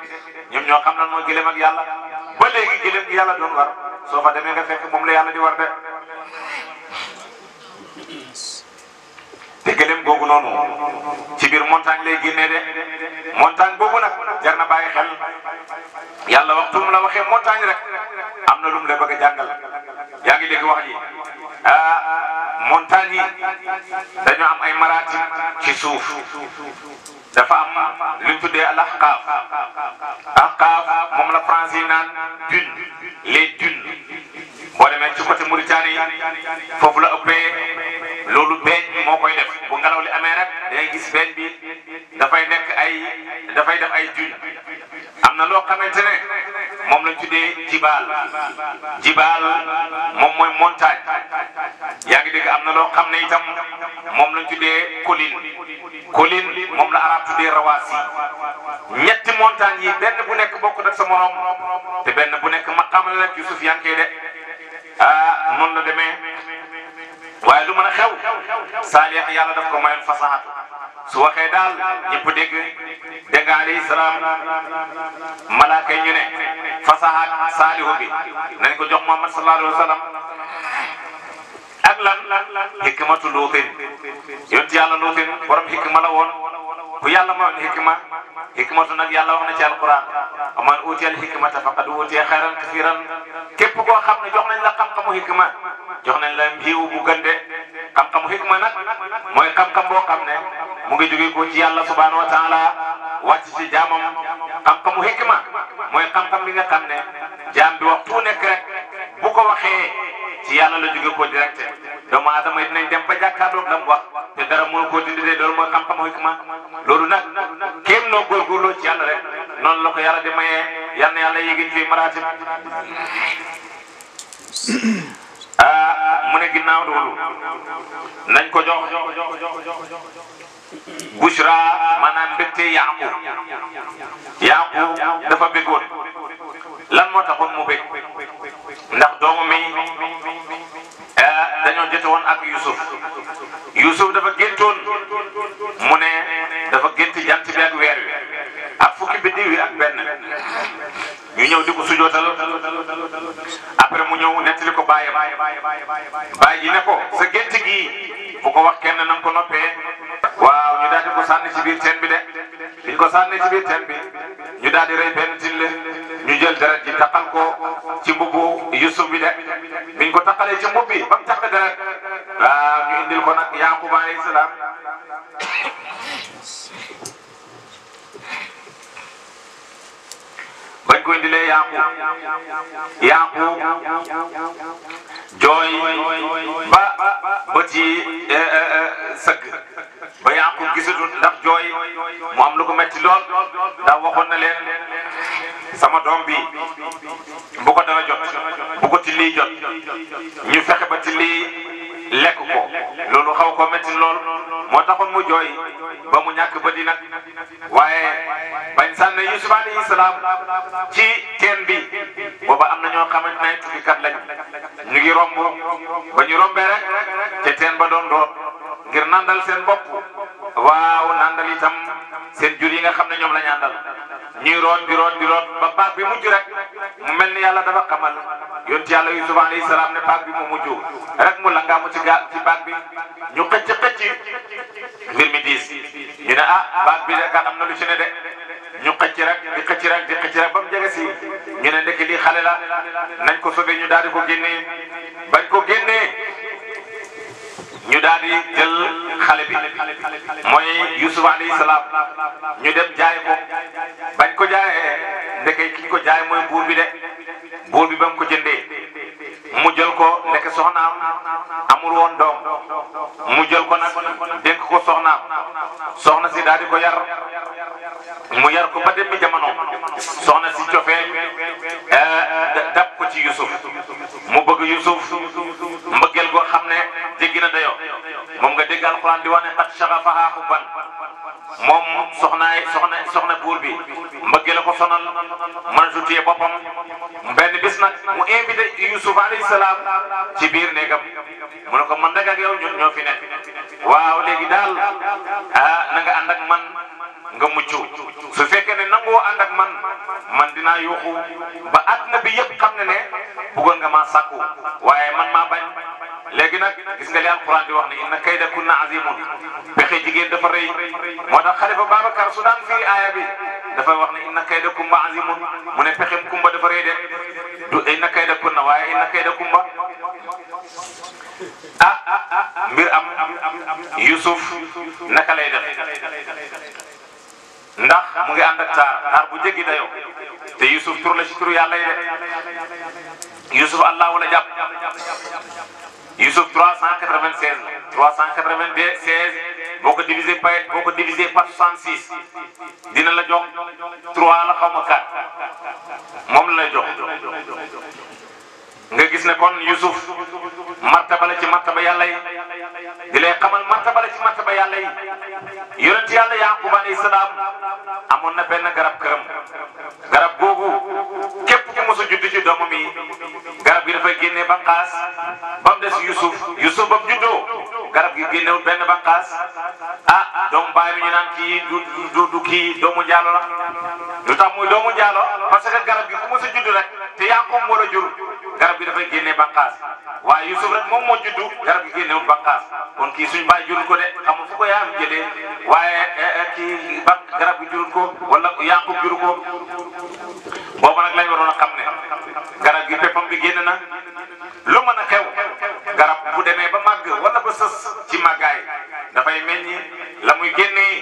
ñoom ñoo xam lan mooy gëlëm ak yàlla ba léegi gëlëm gi yàlla doon war soo fa demee nga fekk moom la yàlla di war de. te gëlëm googu noonu ci biir montagne lay génnee de montagne boobu nag jar na bàyyi xel. yàlla waxtu mu la waxee montagne rek am na lu mu la bëgg a jàngal yaa ngi dégg wax yi ah montagne yi dañoo am ay maraati ci suuf dafa am lu ñu tuddee al ahqaaf ahqaaf moom la français yi naan dune les dunes boo demee ci côté Mauritanie foofu la ëppee. loolu beeñ moo koy def bu ngelaw li amee rek dangay gis beeñ bi dafay nekk ay dafay def ay juñ am na loo xamante ne moom lañ tuddee jibaal jibaal moom mooy montagne yaa ngi dégg am na loo xam ne itam moom lañ tuddee colline colline moom la arab tuddee rawaasi ñetti montagne yi benn bu nekk bokk ak sa morom te benn bu nekk maqaam la rek Yusuf yaa de ah noonu la demee waaye lu mën a xew Saalix yàlla daf ko mayoon fasaxatu su waxee daal ñëpp dégg dégg alayhi salaam malaaka yi ñu ne fasaxaat Saalixu bi nañ ko jox Muhammad sallallahu alayhi wa sallam ak lan hikmatu luutin yonent yàlla luutin borom hikma la bu yàlla mayoon hikma hikmatu nag yàlla wax na ci alquran aman utiyal hikmata faqad utiya xayran kasiran képp koo xam ne jox nañ la xam-xamu hikma jox na la jiwu bu gën de xam-xamu hikma nag mooy xam-xam boo xam ne mu ngi jóge ko ci yàlla subhanahu wa taala wàcc ci jaamam xam-xamu hikma mooy xam-xam bi nga xam ne jaam bi waxtu nekk rek bu ko waxee ci yàlla la jóge ko direct doomu aadama dinañ dem ba jàkkaarloog la mu wax te dara mënu koo dindi de loolu mooy xam-xam hikma loolu nag kenn noo góorgóorloo ci yàlla rek noonu la ko yàlla di mayee yal na yàlla yéegin fii maraatib ah mu ne ginnaaw loolu nañ ko jox Bushra maanaam mbégte Yaaqub Yaaqub dafa béggoon lan moo taxoon mu bég ndax doomu mi. Eh, dañoo jote woon ak Youssouf Youssouf dafa géntoon mu ne dafa gént jant bi weer wi ak fukki biddiw yi ak benn ñu ñëw di ko sujootal après mu ñëw nettali ko bàyyi bàyyi yi ne ko sa gént gi bu ko wax kenn na nga ko noppee waaw ñu daal di ko sànni ci biir teen bi de biñ ko sànni ci biir teen ñu daal di rey benn tille ñu jël deret ji taqal ko ci mbubu yusuf bi de biñ ko taqalee ci mbubb bi ba mu tax deret waaw ñu ko nag yaquba alayhi salaam bañ ba bët yi eh, eh, eh, ba yaqub gisatu ndax jooy mu am lu lool ndax waxoon leen sama doom bi bu ko dara jot bu ko tilli jot ñu fexe ba tilli lekk ko loolu xaw ko metti lool moo taxoon mu jooy ba mu ñàkk ba di nag waaye bañ sànne Yusuf alayhi salaam ci teen bi booba am na ñoo xamante ne tukkikat lañ ñu ngi romb ba ñu rombee rek te teen ba doon doon ngir nàndal seen bopp waaw nandal itam seen jur yi nga xam ne ñoom la ñu àndal ñuy root di root di bi mujj rek mu mel ni yàlla dafa xamal yonti yàlla yusuf alayhi salaam ne paak bi mu mujj rek mu langaamu ci gaa ci paak bi ñu xëcc xëcc mbir mi diis ñu ne ah paak bi rek am na lu ne de ñu xëcc rek di xëcc rek di xëcc rek ba mu jege si ñu ne ndekki lii xale la nañ ko sobe ñu daal di ko génnee bañ ko génnee ñu daal di jël xale bi mooy yusuf alayhi salaam ñu dem jaay ko jaayee ndeke ki ko jaay mooy buur bi de buur bi ba mu ko jëndee mu jël ko ndeke soxnaam amul woon doom mu jël ko nag dénk ko soxnaam soxna si daal di ko yar mu yar ko ba dem bi jamono soxna si cofee eh, dab ko ci Yusuf mu bëgg Yusuf mbëggeel goo xam ne jéggi na dayo moom nga dégg alxuraan di wax ne xat shagafaha xubban moom soxnaay soxna soxna buur bi sonal mënatu téye boppam benn bis nag mu invité Yusuf alayhi salaam ci biir néegam mu ne ko man rek ak yow ñun ñoo fi ne waaw léegi daal ah na nga ak man nga mucc. dinaa yuuxu ba àdduna bi yëpp xam ne ne bëggoon nga maa waaye man ma bañ léegi nag gis nga li alquran di wax ne inna kayda kunna azimun pexe jigéen dafa rëy moo tax xalifa Babacar su daan fii aaya bi dafay wax ne inna kayda kumba azimun mu ne pexem kumba dafa rëy de du inna kayda kunna waaye inna kayda kumba ah mbir am Yusuf naka lay def ndax mu ngi ànd ak taar taar bu jéggi dayoo te Youssouf tur la ci turu yàlla yi de Youssouf allah wala jàpp Youssouf 396 la 396 boo ko divisé par boo ko divisé par 66 dina la jox 3 la xaw ma 4 moom la lay jox. nga gis ne kon Youssouf martaba la ci martaba yàlla yi di lay xamal martaba la ci martaba yàlla yi yonent yàlla Yaquba alayhi salaam amoon na benn garab këram. garab googu képp ku mos a judd ci doomam yi garab gi dafay génnee ba xaas ba mu des Yusuf Yusuf ba mu juddoo. garab gi génnewul benn bànqaas ah doomu baay bi ñu naan kii du du du kii doomu njaalo la lu tax muy doomu njaalo parce que garab gi ku ma a judd rek te yaa ko a jur garab gi dafay génne bànqaas waaye Yusuf rek moom moo juddu garab gi génnewul bànqaas kon kii suñ baay jurul ko de xamul fu ko yaa jëlee waaye eh, eh, kii garab gi jurul ko wala yaa ko juru ko boobu nag lay waroon a xam ne garab gi peppam bi génn na lu mën a xew. garab bu demee ba màgg wala ba sës ci màggaay dafay meññ la muy génnee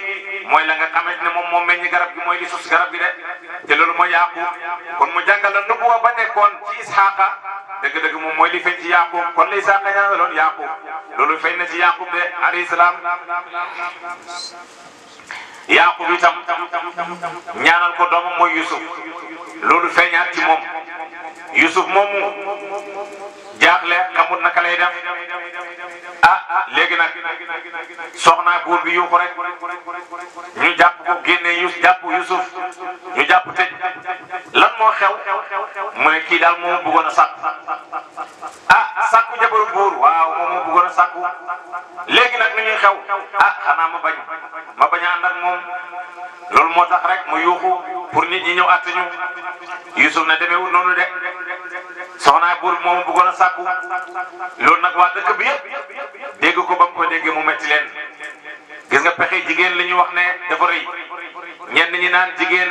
mooy la nga xamante ne moom moo meññ garab gi mooy li sus garab gi de te loolu mooy yaqub kon mu jàngala nubuwa ba nekkoon ci isxaaqa dëgg-dëgg moom mooy li feeñ ci yaqub kon la isxaaqa ñaanaloon na ci yaqub de alayhi salaam yaqub itam ñaanal ko doomam mooy yusuf loolu feeñaat ci moom yusuf moomu jaaxle xamul naka lay def a ah, ah, léegi nag soxnaa buur bi yuuxu rek ñu jàpp ko génne yu jàpp Yusuf ñu jàpp tëj lan moo xew xew mu ne kii daal moo bëggoon a sàkk ah sàkku jabaru buur waaw moom moo bëggoon a léegi nag nu ñuy xew ah xanaa ma bañ ma bañ a moom loolu moo tax rek ma yuuxu pour nit ñi ñëw àtt ñu Yusuf na demewul noonu de. soxnaa buur moomu bëggoon a sàkku loolu nag waa dëkk bi yëpp dégg ko ba mu ko déggee mu metti leen gis nga pexe jigéen li ñu wax ne dafa rëy ñenn ñi naan jigéen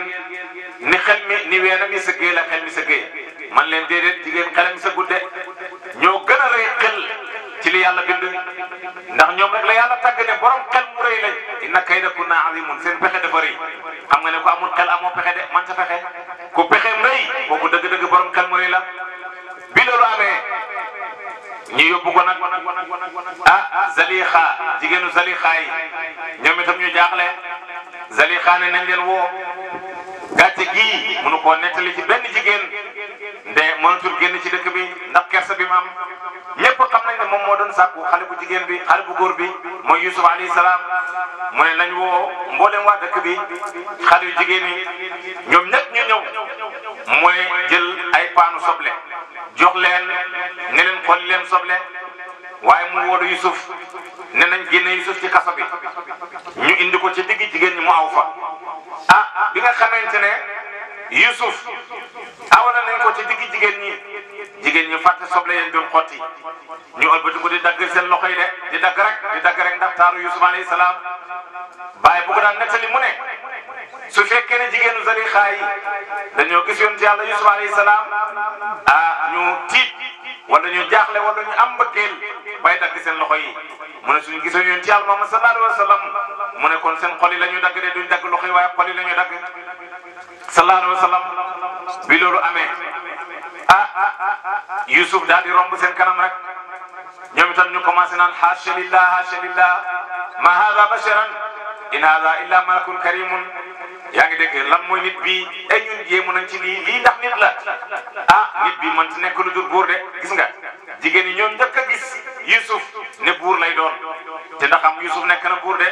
ni xel mi ni weenam yi sëggee la xel mi sëggee man leen déedéet jigéen xelam sa gudde ñoo gën a rëy xel ci li yàlla bind ndax ñoom rek la yàlla tàgg ne borom xel mu rëy lañ inna kaydakunna azimun seen pexe dafa rëy xam nga ne ko amul xel amoo pexe de man sa pexe yóbbu ko nag ah, ah Zalixa jigéenu Zalixa yi ñoom itam ñu jaaxle Zalixa ne nañ leen woo gàcce gii mënu koo nettali ci benn jigéen nde mënatul génn ci dëkk bi ndax kersa bi mu am ñëpp xam nañ ne moom moo doon sàkku xale bu jigéen bi xale bu góor bi mooy Yusuf alayhi salaam mu ne nañ woo mboolem waa dëkk bi xale yu jigéen yi ñoom ñëpp ñu ñëw mooy jël ay paanu soble jox xol leen soble waaye mu wóolu Yusuf ne nañ génne Yusuf ci kaso bi ñu indi ko ci digg jigéen ñi mu aw fa ah, bi nga xamante ne Yusuf awana nañ ko ci digg jigéen ñi jigéen ñi fàtte soble yeen doon ko di dagg seen loxo yi de di dagg rek di dagg rek ndax taaru Yusuf alayhi salaam bàyyi bu ko daan mu ne su fekkee ne jigéenu Zalixa yi dañoo gis yonent yàlla Yusuf alayhi salaam ah ñu tiit wala ñu jaaxle wala ñu am mbëggeel bay dagg seen loxo yi mu ne suñu gisee yonent yàlla Muhammad sallallahu alayhi wa sallam mu ne kon seen xol yi la ñuy dagg de loxo yi waaye xol yi la ñuy dagg sallallahu alayhi wa sallam bi loolu amee ah Yusuf daal di romb seen kanam rek ñoom itam ñu commencé naan haasha lillah haasha lillah ma haada basharan in haada illa malakun karimun yaa ngi dégg lan mooy nit bii ay eh, ñun yéemu nañ ci nii lii ndax nit la ah nit bi man ci nekk lu dul buur de gis nga jigéen ñi ñoom njëkk gis Yuusuf ne buur lay doon te ndax am Yuusuf nekk na buur de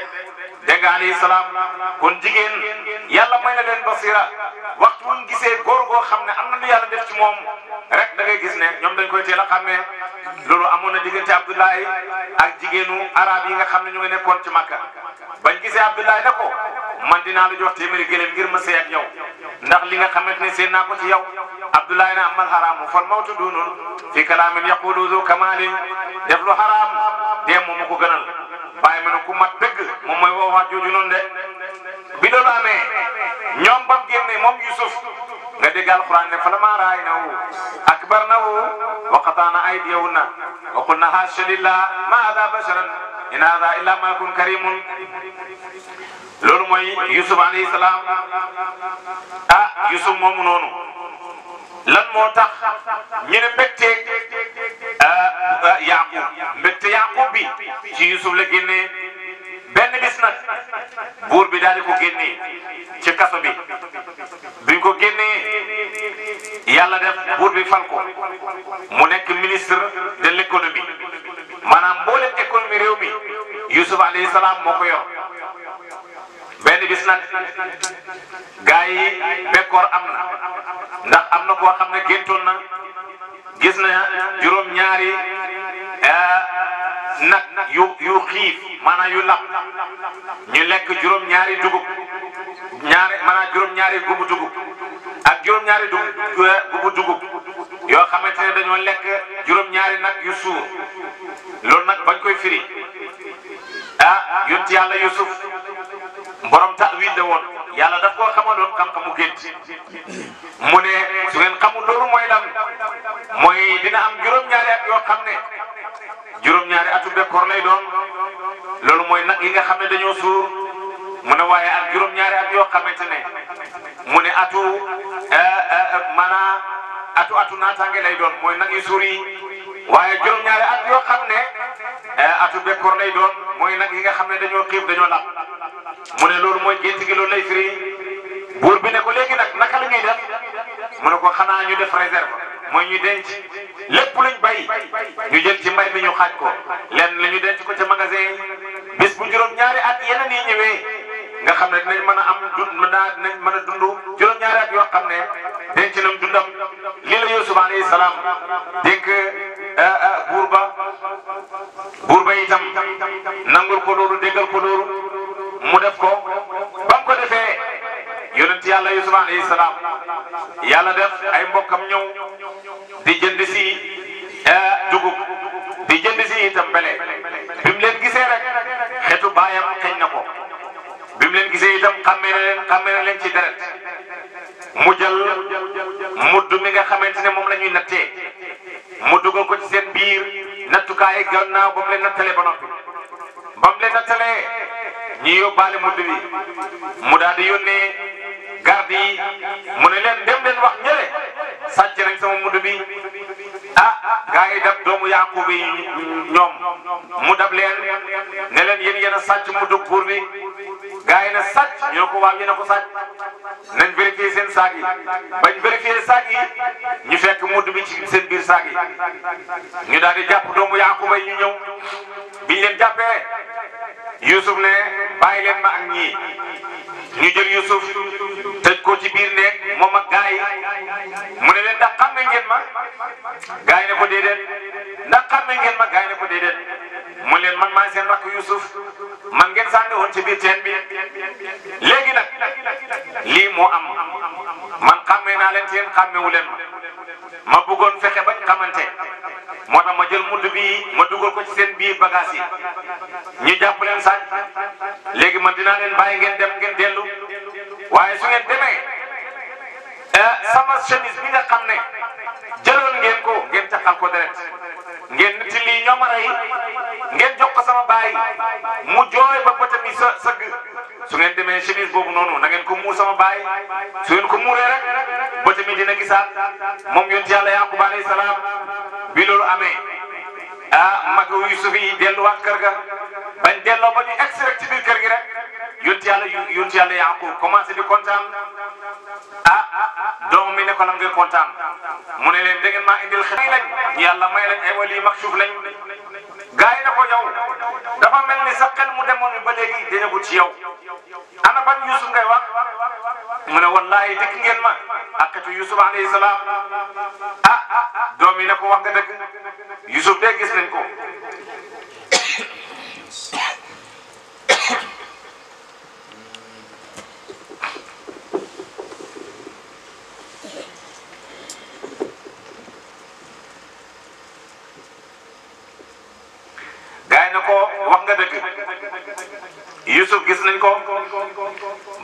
dégg nga alayhi salaam kon jigéen yàlla may na leen basira waxtu wuñ gisee góor goo xam ne am na lu yàlla def ci moom rek da ngay gis ne ñoom dañ koy teel a xàmmee loolu amoon na diggante Abdullahi ak jigéenu arab yi nga xam ne ñu ngi nekkoon ci Makka bañ gisee Abdullahi ne ko man dinaa la jox téeméeri gëléem ngir ma sey ak yow ndax li nga xamante ne seen naa ko ci yow. abdullahi na amal haramu fal mawtu fi kalamin yaqulu zu kamalin def haram dee moom ko gënal bàyyi ma ne ku mat dëgg moom mooy woo wax jooju noonu de bi loolu amee ñoom bam génne moom yusuf ma hadha basharan in hadha illa malakun karimun loolu mooy yusuf alayhi salaam ah yusuf lan moo tax ñu ne mbégte ah, ah, yaqub mbégte yaqub bi ci yusuf la génnee benn bis buur bi daal di ko génnee ci kaso bi biñ ko génnee yàlla def buur bi fal ko mu nekk ministre de l' économie maanaam mboolem économie réew mi yusuf alayhi salaam moo ko yor benn bis nag gars yi bekkoor am na ndax am na koo xam ne géntoon na gis na juróom ñaari eh, nag yu yu xiif na yu lap ñu lekk juróom ñaari dugub ñaari maanaam juróom ñaari gubu dugub ak juróom ñaari dugub eh, gubu dugub yoo xamante ne dañoo lekk juróom ñaari nag yu suur loolu nag bañ koy firi ah yonent Yusuf borom ta'wil de woon yàlla daf koo doon xam-xamu gént mu ne su ngeen xamul loolu mooy lan mooy dina am juróom-ñaari at yoo xam ne juróom-ñaari atu bekkoor lay doon loolu mooy nag yi nga xam ne dañoo suur mu ne waaye ak juróom yoo xamante ne mu ne atu eh, eh, maanaam atu atu naataange lay doon mooy nag yu suur yi waaye juróom-ñaari at yoo xam ne eh, atu bekkoor lay doon mooy nag yi nga xam ne dañoo xiif dañoo lab. mu ne loolu mooy gént gi loolu lay firi buur bi ne ko léegi nag naka la ñuy def mu ne ko xanaa ñu def réserve mooy ñu denc lépp luñ bay ñu jël ci mbay mi ñu xaaj ko lenn li ñu denc ko ca magasin yi bis bu juróom-ñaari at yeneen yi ñëwee nga xam ne dinañ mën a am dund dinañ mën a dund juróom-ñaari at yoo xam ne denc nañ dundam lii la Yuusuf alayhi salaam dénk euh, euh, buur ba buur ba itam nangul ko loolu déggal ko loolu. mu def ko ba ko defee yonent yàlla Yuusufa alayhi salaam yàlla def ay mbokkam ñëw di jënd si eh, dugub di jënd si itam mbele bi leen gisee rek xetu baayam xeñ na ko bi mu leen gisee itam xàmmee na leen xàmmee leen ci deret mu jël mudd mi nga xamante ne moom lañuy ñuy nattee mu dugal ko ci seen biir nattukaay gannaaw ba mu leen nattalee ba noppi ba leen nattalee. ñu yóbbaale mudd bi mu daal di yónnee garde yi mu ne leen dem leen wax ñële sàcc nañ sama mudd bi ah gaa yi dab doomu Yaaqub yi ñoom mu dab leen ne leen yéen yéen a sàcc muddu buur gaa yi ne sàcc ñoo ko waaw ñu ne ko sàcc nañ vérifier seen saag yi bañ vérifier saag yi ñu fekk mudd bi ci seen biir saag yi ñu daal di jàpp doomu Yaaqub yi ñu ñëw biñ leen jàppee. yusuf ne bàyyi leen ma ak ñii ñu jël yusuf tëj ko ci biir nekk moom ak gaay mu ne leen ndax xam ne ngeen ma gaay ne ko déedéet ndax xam ne ngeen ma gaay ne ko déedéet mu leen man maa seen rakk yusuf man ngeen sànni woon ci biir teen bi léegi nag lii moo am man xàmmee naa leen ci yéen xàmmewu leen ma ma bëggoon fexe bañ xamante moo tax ma jël mudd bi seen biir bagages yi ñu jàpp leen sàcc léegi ma dinaa leen bàyyi ngeen dem ngeen dellu waaye su ngeen demee eh, sama chemise bi nga xam ne jëloon ngeen ko ngeen taxal ko deret ngeen nit lii jox ko sama baay mu jooy ba bëtam yi sa sëgg su ngeen demee chemise boobu noonu na ngeen ko muur sama baay su ngeen ko muuree rek bëtam yi dina gisaat moom yonent Yàlla Yaqub alayhi salaam bi loolu amee. ma ah, mag Yuusuf yi delluwaat kër ga bañ delloo ba ñu egsi rek ci biir kër gi rek yonti yàlla yonti yàlla commencé di kontaan ah doom mi ne ko la nga kontaan mu ne leen dangeen maa indil xel may lañ yàlla may lañ ay wali maksuuf lañ gaa yi ne ko yow dafa mel ni sa xel mu demoon ba léegi dinagut ci yaw ana ban Yuusuf ngay wax mu ne wallaahi dëkk ngeen ma akatu Yusuf alayhi salaam ah doom yi ne ko wax nga dëgg Yusuf de gis nañ ko.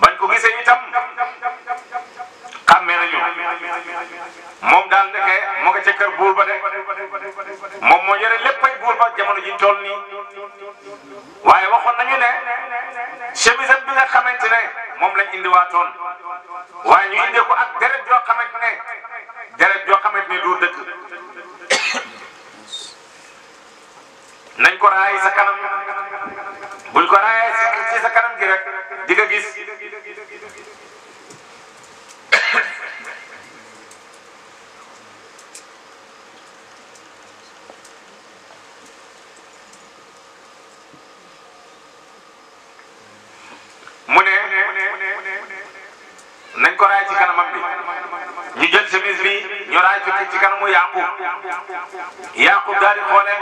bañ ko gisee itam. nañu moom daal ndeke mu nga ca kër buur ba de moom moo yore lépp ay buur ba jamono ji toll nii waaye waxoon nañu ne chemise bi nga xamante ne moom lañ indiwaa indiwaatoon waaye ñu indee ko ak deret joo xamante ne deret joo xamante ne du dëgg nañ ko raay sa kanam buñ ko raay sa kanam gi rek di nga gis. ko raay ci kanamam bi ñu jël chemise bi ñu raay ko ci kanamu Yaaqub Yaaqub daal di xoolee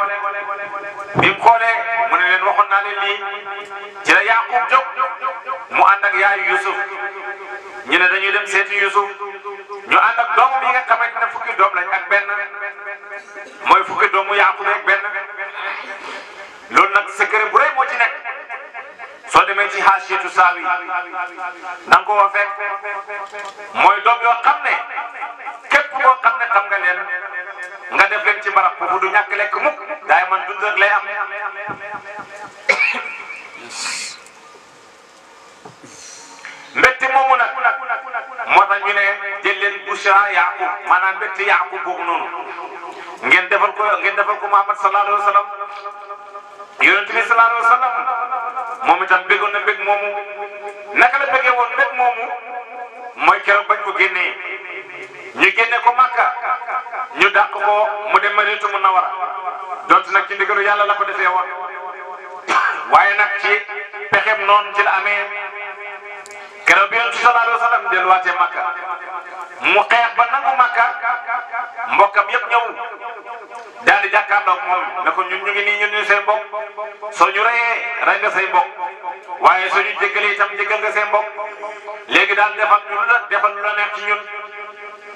bi mu xoolee mu ne leen waxoon naa leen lii ci la Yaaqub jóg mu ànd ak yaayu Yusuf ñu ne dañuy dem seeti Yusuf ñu ànd ak doom yi nga xamante ne fukki doom lañ ak benn mooy fukki doomu Yaaqub ak benn loolu nag secret bu rëy moo ci nekk. soo demee ci xaasiyatu saawi na nga ko fa fekk mooy doom yoo xam ne képp koo xam ne xam nga leen nga def leen ci barab bu du ñàkk lekk mukk daay man dund rek lay am. mbétti moomu nag moo tax ñu ne jël leen bushra yaqub maanaam mbétti yaqub boobu noonu ngeen defal ko ngeen defal ko Muhammad sallallahu alayhi wa sallam yonent bi sallallahu itam bëggoon na mbëgg moomu naka la bëggee woon mbëgg moomu mooy keroog bañ ko génnee ñu génne ko Makka ñu dàq ko mu dem Madinatu Munawara donte nag ci ndigalu yàlla la ko defee woon waaye nag ci pexem noonu ci la amee keroog bi Yonent sallallahu alayhi wa sallam Makka mu xeex ba nangu Makka mbokkam yëpp ñëw daal di jàkkaarloo moom ne ko ñu ngi nii ñun ñu seen mbokk soo ñu reyee rey nga say mbokk. waaye suñu jéggalee itam jéggal nga seen bopp léegi daal defal lu la defal lu la neex ci ñun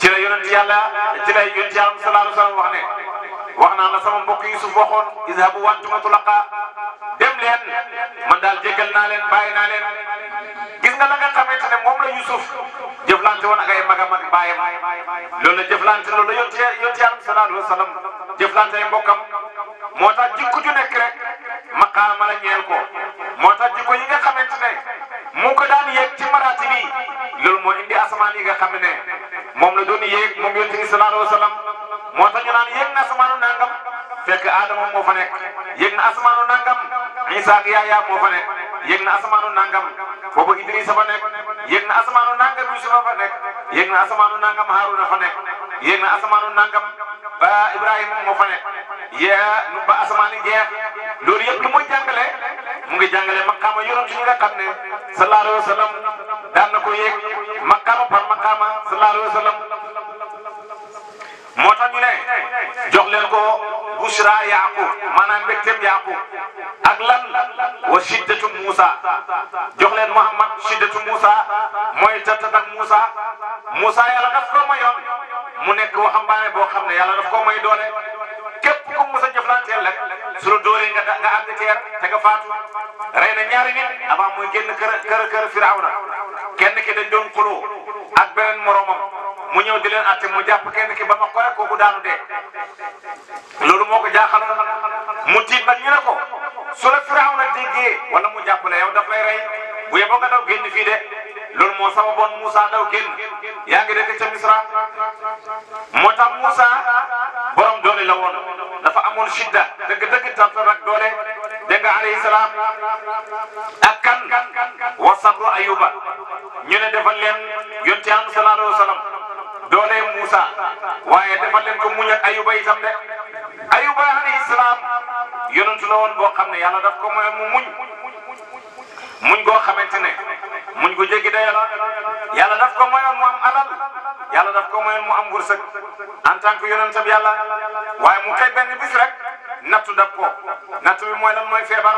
ci la yonent yàlla ci lay yonent yàlla sallallahu alayhi wa sallam wax ne wax naa la sama mbokk Yusuf waxoon izhabu wa antum tulaqa dem leen man daal jéggal naa leen bàyyi naa leen gis nga la nga xamante ne moom la Yusuf jëflante woon ak ay magam ak bàyyam loolu la jëflante loolu la yonent yàlla sallallahu alayhi wa sallam jëflante ay mbokkam moo tax jikko ju nekk rek ma la ñeel ko moo tax jikko yi nga xamante ne mu ko daan yéeg ci maraati bi loolu moo indi asamaan yi nga xam ne moom la doon yéeg moom yonent bi sallallahu alayhi wa sallam moo tax ñu na asamaanu nangam fekk Adama moo fa nekk yéeg na asamaanu nangam Isa ak Yaaya moo fa nekk. yëg na asamaanu nangam boobu Idrissa fa nekk yëg na asamaanu nangam Yusufa fa nekk yëg na asamaanu nangam Haruna fa nekk yëg na asamaanu nangam ba Ibrahima moo fa nekk yaa nu ba asamaani jeex loolu yëpp lu muy jàngale mu ngi jàngale maqaama yonent yi nga xam ne sallallahu alayhi wa sallam daan na ko yéeg maqaama par maqaama sallallahu alayhi wa sallam moo tax ne jox ko. bushra yaqub maanaam mbégteem yaqub ak lan wa shiddatu Moussa jox leen Muhammad shiddatu Moussa mooy tattat ak Moussa Moussa yàlla daf ko mayoon mu nekk waxambaane boo xam ne yàlla daf ko may doole képp ku Moussa jëflanteel rek su la dóoree nga nga àgg teer te a faatu rey na ñaari nit avant muy génn kër kër kër Firawna kenn ki dañ doon xuloo ak beneen moromam. mu ñëw di leen atte mu jàpp kenn ki ba ma ko rek kooku daanu dee loolu moo ko jaaxaloon mu tiit nag ñu ne ko su la firaaw na déggee wala mu jàpp ne yow daf lay rey bu yeboo nga daw génn fii de loolu moo sababoon Moussa daw génn yaa ngi dégg ca Misra moo tax Moussa borom doole la woon dafa amoon shidda dëgg-dëgg tàntal ak doole dégg nga alayhi salaam ak kan wa sabru ayuba ñu ne defal leen yonti am sallallahu alayhi doole Moussa waaye defal leen ko muñ ak Ayuba itam de Ayuba alayhi salaam yonentu la woon boo xam ne yàlla daf ko mayoon mu muñ muñ goo xamante ne muñ ko jéggi dayoo la yàlla daf ko mayoon mu am alal yàlla daf ko mayoon mu am wërsëg en tant que yonentam waaye mu tey benn bis nattu daf ko nattu bi mooy lan mooy feebar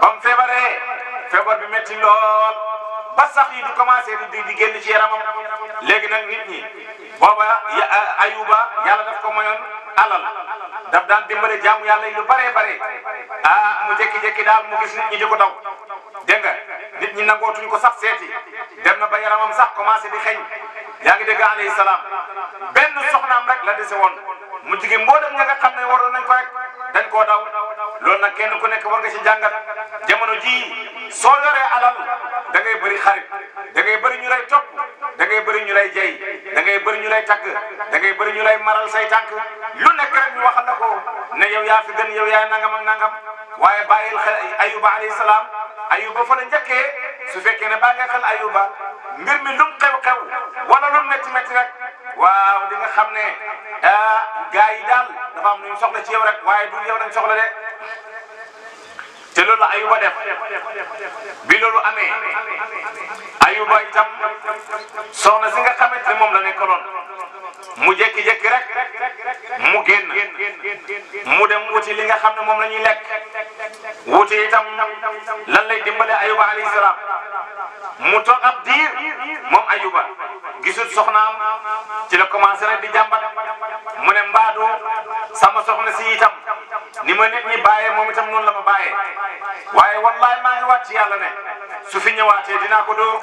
ba mu feebaree feebar bi métti lool ba sax yi di commencé di di génn ci yaramam. léegi nag nit ñi booba ayuba yàlla daf ko mayoon alal daf daan dimbale jaamu yàlla yi lu bare bare ah mu jékki-jékki daal mu gis nit ñi di ko daw dégg nga nit ñi nangootuñ ko sax seeti dem na ba yaramam sax commencé di xeeñ yaa ngi dégg alayhi salaam benn soxnaam rek la dese woon mu jigéen mboolem ña nga xam ne waroon nañ ko rek dañ koo daw loolu nag kenn ku nekk war nga ci jàngat jamono ji soo yoree alal da ngay bëri xarit da ngay bëri ñu lay topp da ngay bëri ñu lay jey da ngay bëri ñu lay tagg da ngay ñu lay maral say tànk lu nekk rek ñu waxal la ko ne yow yaa fi gën yow yaa nangam ak nangam waaye bàyyil xel ayuba alayhi salaam ayuba fa la njëkkee su fekkee ne baa nga xel ayuba mbir mi lum xew-xew wala lum métti métti rek waaw di xam ne ah gars daal dafa am lu ñu soxla ci yow rek waaye du yow lañ soxla de. te loolu ayuba def bi loolu amee ayuba itam soxna si nga xamante ne moom la nekkaloon mu jékki-jékki rek mu génn mu dem wuti li nga xam ne moom la ñuy lekk wuti itam lan lay dimbale ayuba alayhi salaam mu to ab diir moom ayuba gisut soxnaam ci la commencé rek di jàmbat mu ne mbaadu sama soxna si itam. ni ma nit ñi bàyyee moom itam noonu la ma bàyyee waaye wallaay maa ngi wàcc yàlla ne su fi ñëwaatee dinaa ko dóor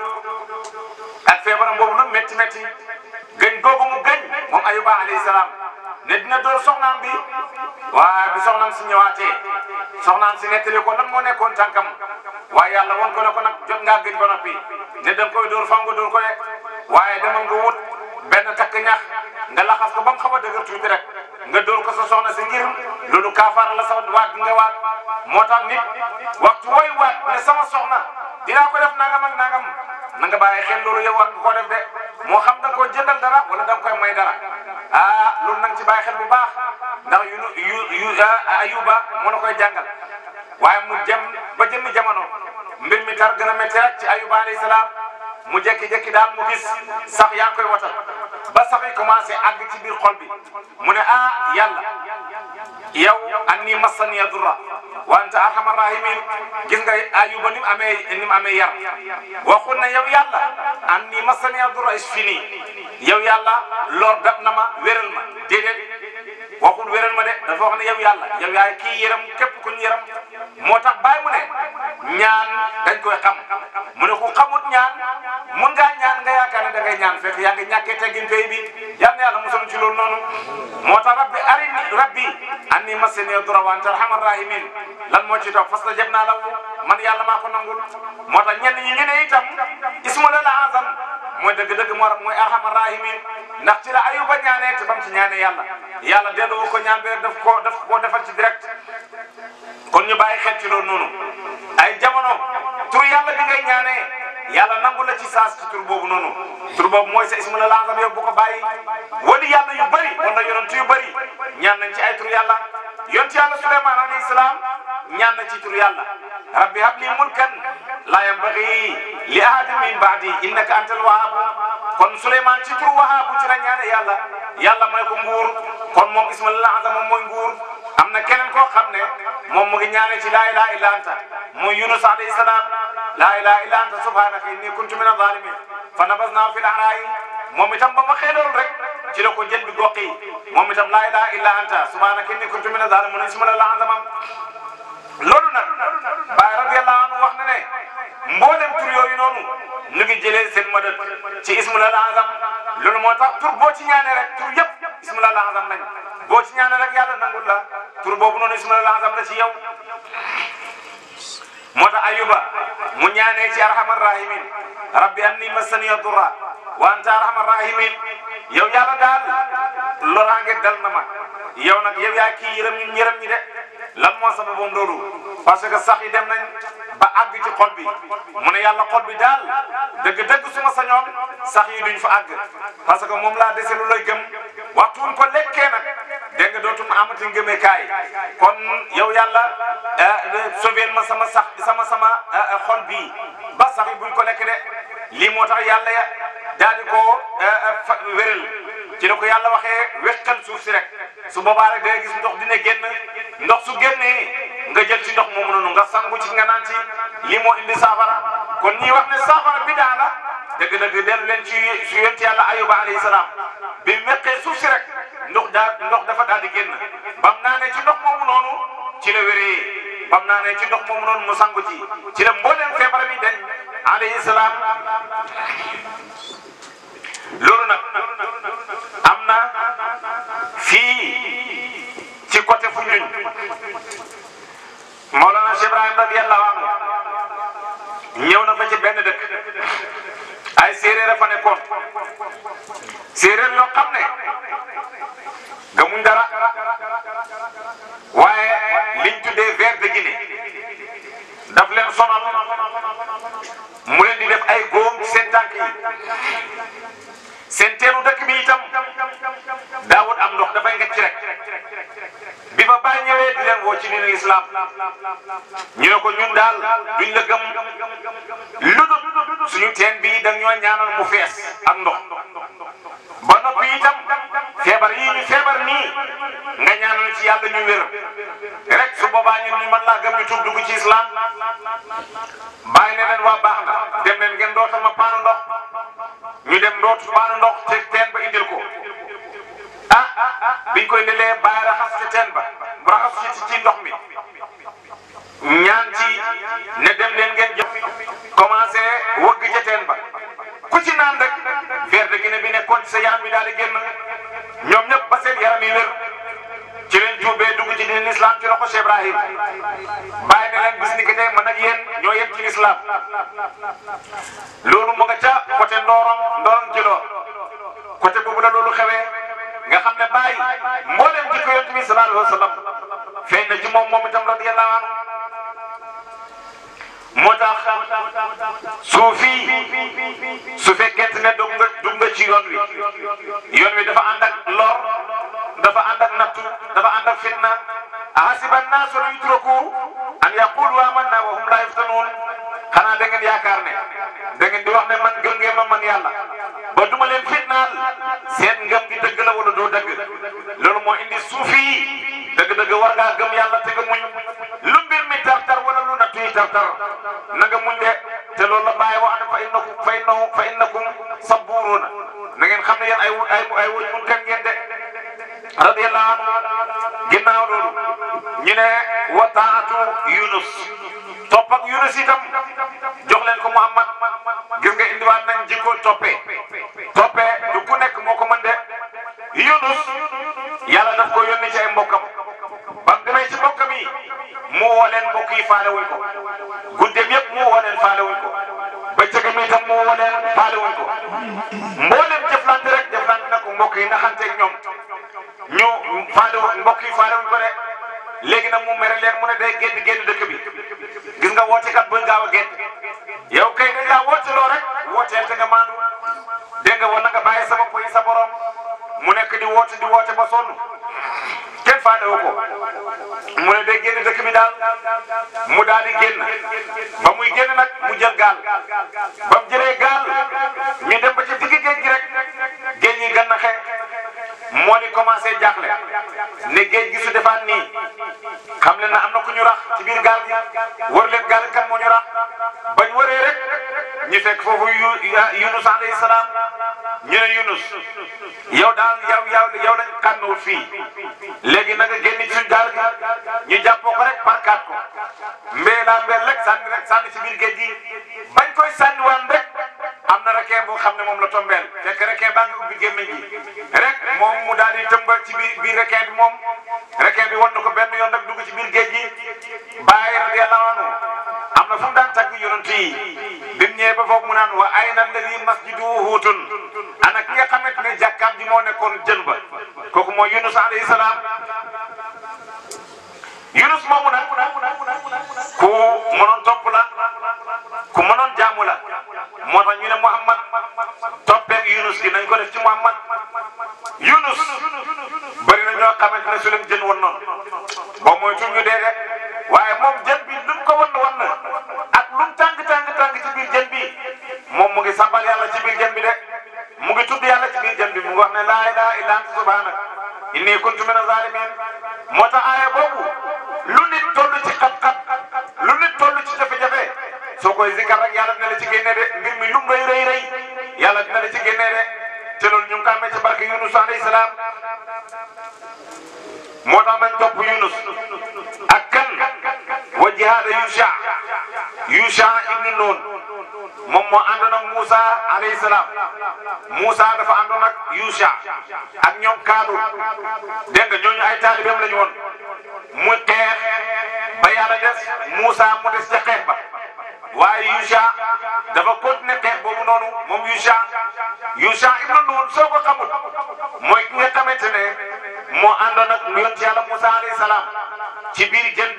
ak feebaram boobu nag métti métti gëñ googu mu gëñ moom ayuba alayhi salaam ne dina door soxnaam bi waaye bu soxnaam si ñëwaatee soxnaam si nettali ko lan moo nekkoon tànkam waaye yàlla won ko ne ko nag jot ngaa gëñ ba noppi ne da koy dóor faw nga ko rek waaye dama nga wut benn takk ñax nga laxas ko ba mu xaw a dëgër tuuti rek nga dóor ko sa soxna si ngir loolu kaafaar la sa waat nga waat moo tax nit waxtu woy waat ne sama soxna dinaa ko def nangam ak nangam na nga bàyyi xel loolu yow war nga koo def de moo xam da nga koy jëndal dara wala da nga koy may dara ah loolu na nga ci bàyyi xel bu baax ndax yu yu yu ah ayuba moo la koy jàngal waaye mu jëm ba jëmmi jamono mbir mi tar gën a métti ci ayuba alayhi salaam mu jekki-jekki daal mu gis sax yaa ngi koy watal ba sax yi commencé àgg ci biir xol bi mu ne ah yàlla yow anni massani yadurra wa anta a rahimin gis nga ayuba ni mu amee ni mu amee yar waxul na yow yàlla anni massani yadurra isfini yow yàlla lor dab na ma wéral ma déedéet waxul wéral ma de dafa wax ne yow yàlla yow yaay kii yërëm képp ku yërëm moo tax bàyyi mu ne ñaan dañ koy xam mu ne ku xamut ñaan mun ngaa ñaan nga yaakaar ne da ngay ñaan fekk yaa ngi ñàkkee teggin koy bi yal na yàlla musal ci loolu noonu moo tax rabbi arini rabbi anni massaniya durru wa anta arhamar rahimin lan moo ci toog fastajabnaa lahu man yàlla maa ko nangul moo tax ñenn ñi ñu ne itam ismu la azam moo dëgg-dëgg moo mooy arhamar rahimin ndax ci la ayuba ñaanee te bam ci ñaanee yàlla yàlla delluwu ko ñaan bee daf koo daf koo defal ci direct kon ñu bàyyi xel ci loolu noonu ay jamono tur yàlla bi ngay ñaanee yàlla nangu la ci saas ci tur boobu noonu tur boobu mooy sa ismu la laazam yow bu ko bàyyi wali yàlla yu bëri wala yu bëri ñaan nañ ci ay tur yàlla yonent yàlla Suleymaan alayhi salaam ñaan na ci tur yàlla rabbi habli mulkan laa yambaghi li ahadin min baadi innaka antal wahaabu kon Souleymane ci tur wahaabu ci la ñaane yàlla yàlla may ko nguur kon moom ismail azam moom mooy nguur am na keneen koo xam ne moom mu ngi ñaane ci laa ilaha illa anta mooy yunus alayhi salaam laa ilaha illa anta subhanaka inni kuntu min azalimin fa nabasnaa fi laraayi moom itam ba ma xeeloon rek ci la ko jël bi goqi moom itam laa ilaha illa anta subhanaka inni kuntu min azalimin ismail azamam loolu nag Baay radiyallahu anhu wax na ne mboolem tur yooyu noonu ñu ngi jëlee seen madad ci ismul azam loolu moo tax tur boo ci ñaanee rek tur yëpp ismul azam lañ boo ci ñaanee rek yàlla nangul la tur boobu noonu ismul azam la ci yow. moo tax ayuba mu ñaanee ci arhamar rahimin rabbi anni massaniya durra wa anta arhamar rahimin yow yàlla daal loraange dal na ma yow nag yow yaa kii yërëm ñi yërëm ñi de. lan moo sababoon loolu parce que sax yi dem nañ ba àgg ci xol bi mu ne yàlla xol bi daal dëgg-dëgg suma ma sañoon sax yi duñ fa àgg parce que moom laa dese lu lay gëm waxtu wuñ ko lekkee nag dégg nga dootum amati ngëmee kaay kon yow yàlla eh, eh, sauver ma sama sax sama sama eh, xol bii ba sax buñ ko lekk de lii moo tax yàlla daal di ko wéral ci la ko yàlla waxee wekkal suuf si rek su boobaa rek day gis ndox dina génn ndox su génnee nga jël ci ndox moomu noonu nga sangu ci nga naan ci lii moo indi saafara kon ñi wax ne saafara bi daa la dëgg-dëgg dellu leen ci ci yonent yàlla ayuba alayhi salaam bi meqee suuf si rek ndox daa ndox dafa daal di génn bam naa ne ci ndox moomu noonu ci la wéree bam naa ne ci ndox moom noonu mu sangu ci ci la mbooleem feebar bi dañ alayhi salaam loolu nag am na fii ci côté Foundiougne Mawlana Cheikh Ibrahim radiyallahu anhu ñëw na fa ci benn dëkk ay séeréer a fa nekkoon séeréer yoo xam ne gëmuñ dara waaye liñ tuddee vers gi Guinée daf leen sonal mu leen di def ay góom seen yi. seen teenu dëkk bi itam daawut am ndox dafay ngecc rek bi fa bàyyi ñëwee di leen woo ci niinu islam ñu ne ko ñun daal duñ la gëm lu dul suñu teen bii da ñoo ñaanal mu fees ak ndox ba noppi itam feebar yii ñu feebar nii nga ñaanal ci yàlla ñu wér rek su boobaa ñun ñu mën laa gëm ñu tuub dugg ci islam bàyyi ne leen waa baax na dem leen ngeen dootal ma paanu la ñu dem ndootu baana ndox te teen ba indil ah, ah, ah, ah biñ koy lelee bàyyi raxas ci teen ba mu raxas ci ci ndox mi ñaan ci ne dem leen ngeen jox commencé wëgg ca teen ba ku ci naan rek feer de gi ne bi nekkoon ci sa yaram bi daal di génn ñoom ñëpp ba seen yaram yi wér islam ci loxo Cheikh Ibrahim bàyyi ne leen bis ni que tey mën ak yéen ñoo yem ci islam loolu mu nga ca côté Ndorong Ndorong nga xam ne bàyyi mboolem jikko yonent bi sallallahu alayhi wa moom moom itam moo tax suufi su fekkente ne dugg nga ci yoon wi yoon wi dafa ànd ak dafa ànd nattu dafa ànd fitna ahasiba annaasu an yutraku an yaqulu amanna wa hum laa yuftanuun xanaa da ne di wax ne man gëm ngeen ma man yàlla ba duma leen fitnaal seen ngëm gi dëgg la wala doo dëgg loolu moo indi suufi yi dëgg-dëgg war ngaa gëm yàlla te nga muñ lu mbir mi tartar lu nattu yi tartar na nga muñ de te loolu la bàyyi wax ne fa innakum fa innakum saburuuna na ngeen de. radiyallahu anhu ginnaaw loolu ñu ne wa taatu Yunus topp ak Yunus itam jox leen ko Muhammad gis nga indiwaat nañ jikko toppee toppee du ku nekk moo ko mën de Yunus yàlla daf ko yónni ci ay mbokkam ba mu demee ci mbokkam yi mu woo leen mbokk yi faale wuñ ko guddeem yëpp mu woo leen faale wuñ ko bëccëg mi itam mu woo leen faale wuñ ko mboolem jëflante rek jëflante na ko mbokk yi naxanteeg ñoom. ñu faale wu mbokk yi faale wuñ ko rek léegi nag mu mere leen mu ne day génn génn dëkk bi gis nga wootekat buñ gaaw a génn yow kay dañ laa wooteloo rek wooteel te nga maandu dégg nga wala nga bàyyi sa bopp yi sa borom mu nekk di woote di woote ba sonn kenn faale wu ko mu ne day génn dëkk bi daal mu daal di génn ba muy génn nag mu jël gaal ba mu jëlee gaal ñu dem ba ci digg géej gi rek géej yi gànnaxee. moo di commencé jaaxle ne géej gi su defaat nii xam leen na am na ku ñu rax ci biir gaal gi war leen gaal kan moo ñu rax bañ waree rek ñu fekk foofu Yunus alayhi salaam ñu ne Yunus yow daal yow yow yow lañ kànnuwul fii léegi nag génn ci gaal gi ñu jàppoo ko rek parkaat ko mbee laa mbee rek sànni rek sànni ci biir géej gi bañ koy sànniwaan rek. am na requin boo xam ne moom la tombeel fekk requin baa ngi ubbi gémmiñ gi rek moom mu daal di tëmba ci biir biir requin bi moom requin bi wan na ko benn yoon nag dugg ci biir géej gi bàyyi radiyallahu anhu am na fu mu daan tàgg yonent yi bi mu ñëwee ba foofu mu naan wa ayna alladi masjidu huutun a ki nga xamante ne jàkkaam ji moo nekkoon jën ba kooku mooy yunus alayhi salaam Yunus moomu nag ku mënoon topp la ku mënoon jaamu la moo tax ñu ne Muhammad toppeeg Yunus gi nañ ko def ci Muhammad Yunus bëri na ñoo xamante ne su leen jën woon noonu ba mooy tur ñu dee rek waaye moom jën bi lu mu ko wan wan na ak lu mu tàng tàng tàng ci biir jën bi moom mu ngi sàmbal yàlla ci biir jën de mu ngi tudd yàlla ci biir jën bi mu ngi wax ne laa ilaaha illa i subhaanaka innii kuntu mina zaalimiin moo tax aaya boobu. génne de mbir mi lum rëy rëy rëy yàlla dina la ci génne de te loolu ñu ngi ko amee ci barke Yunus alayhi salaam moo tax nañ topp Yunus ak kan wa jihaada Yusha Yusha ibnu Nun moom moo àndoon ak Moussa alayhi salaam Moussa dafa àndoon ak Yusha ak ñoom Kaalu dégg nga ñooñu ay taalibeem la ñu woon mu xeex ba yàlla des Moussa boobu noonu moom Yusha Yusha ibnu Nun soo ko xamul mooy ki nga xamante ne moo àndoon ak yonent yàlla Moussa alayhi salaam ci biir jën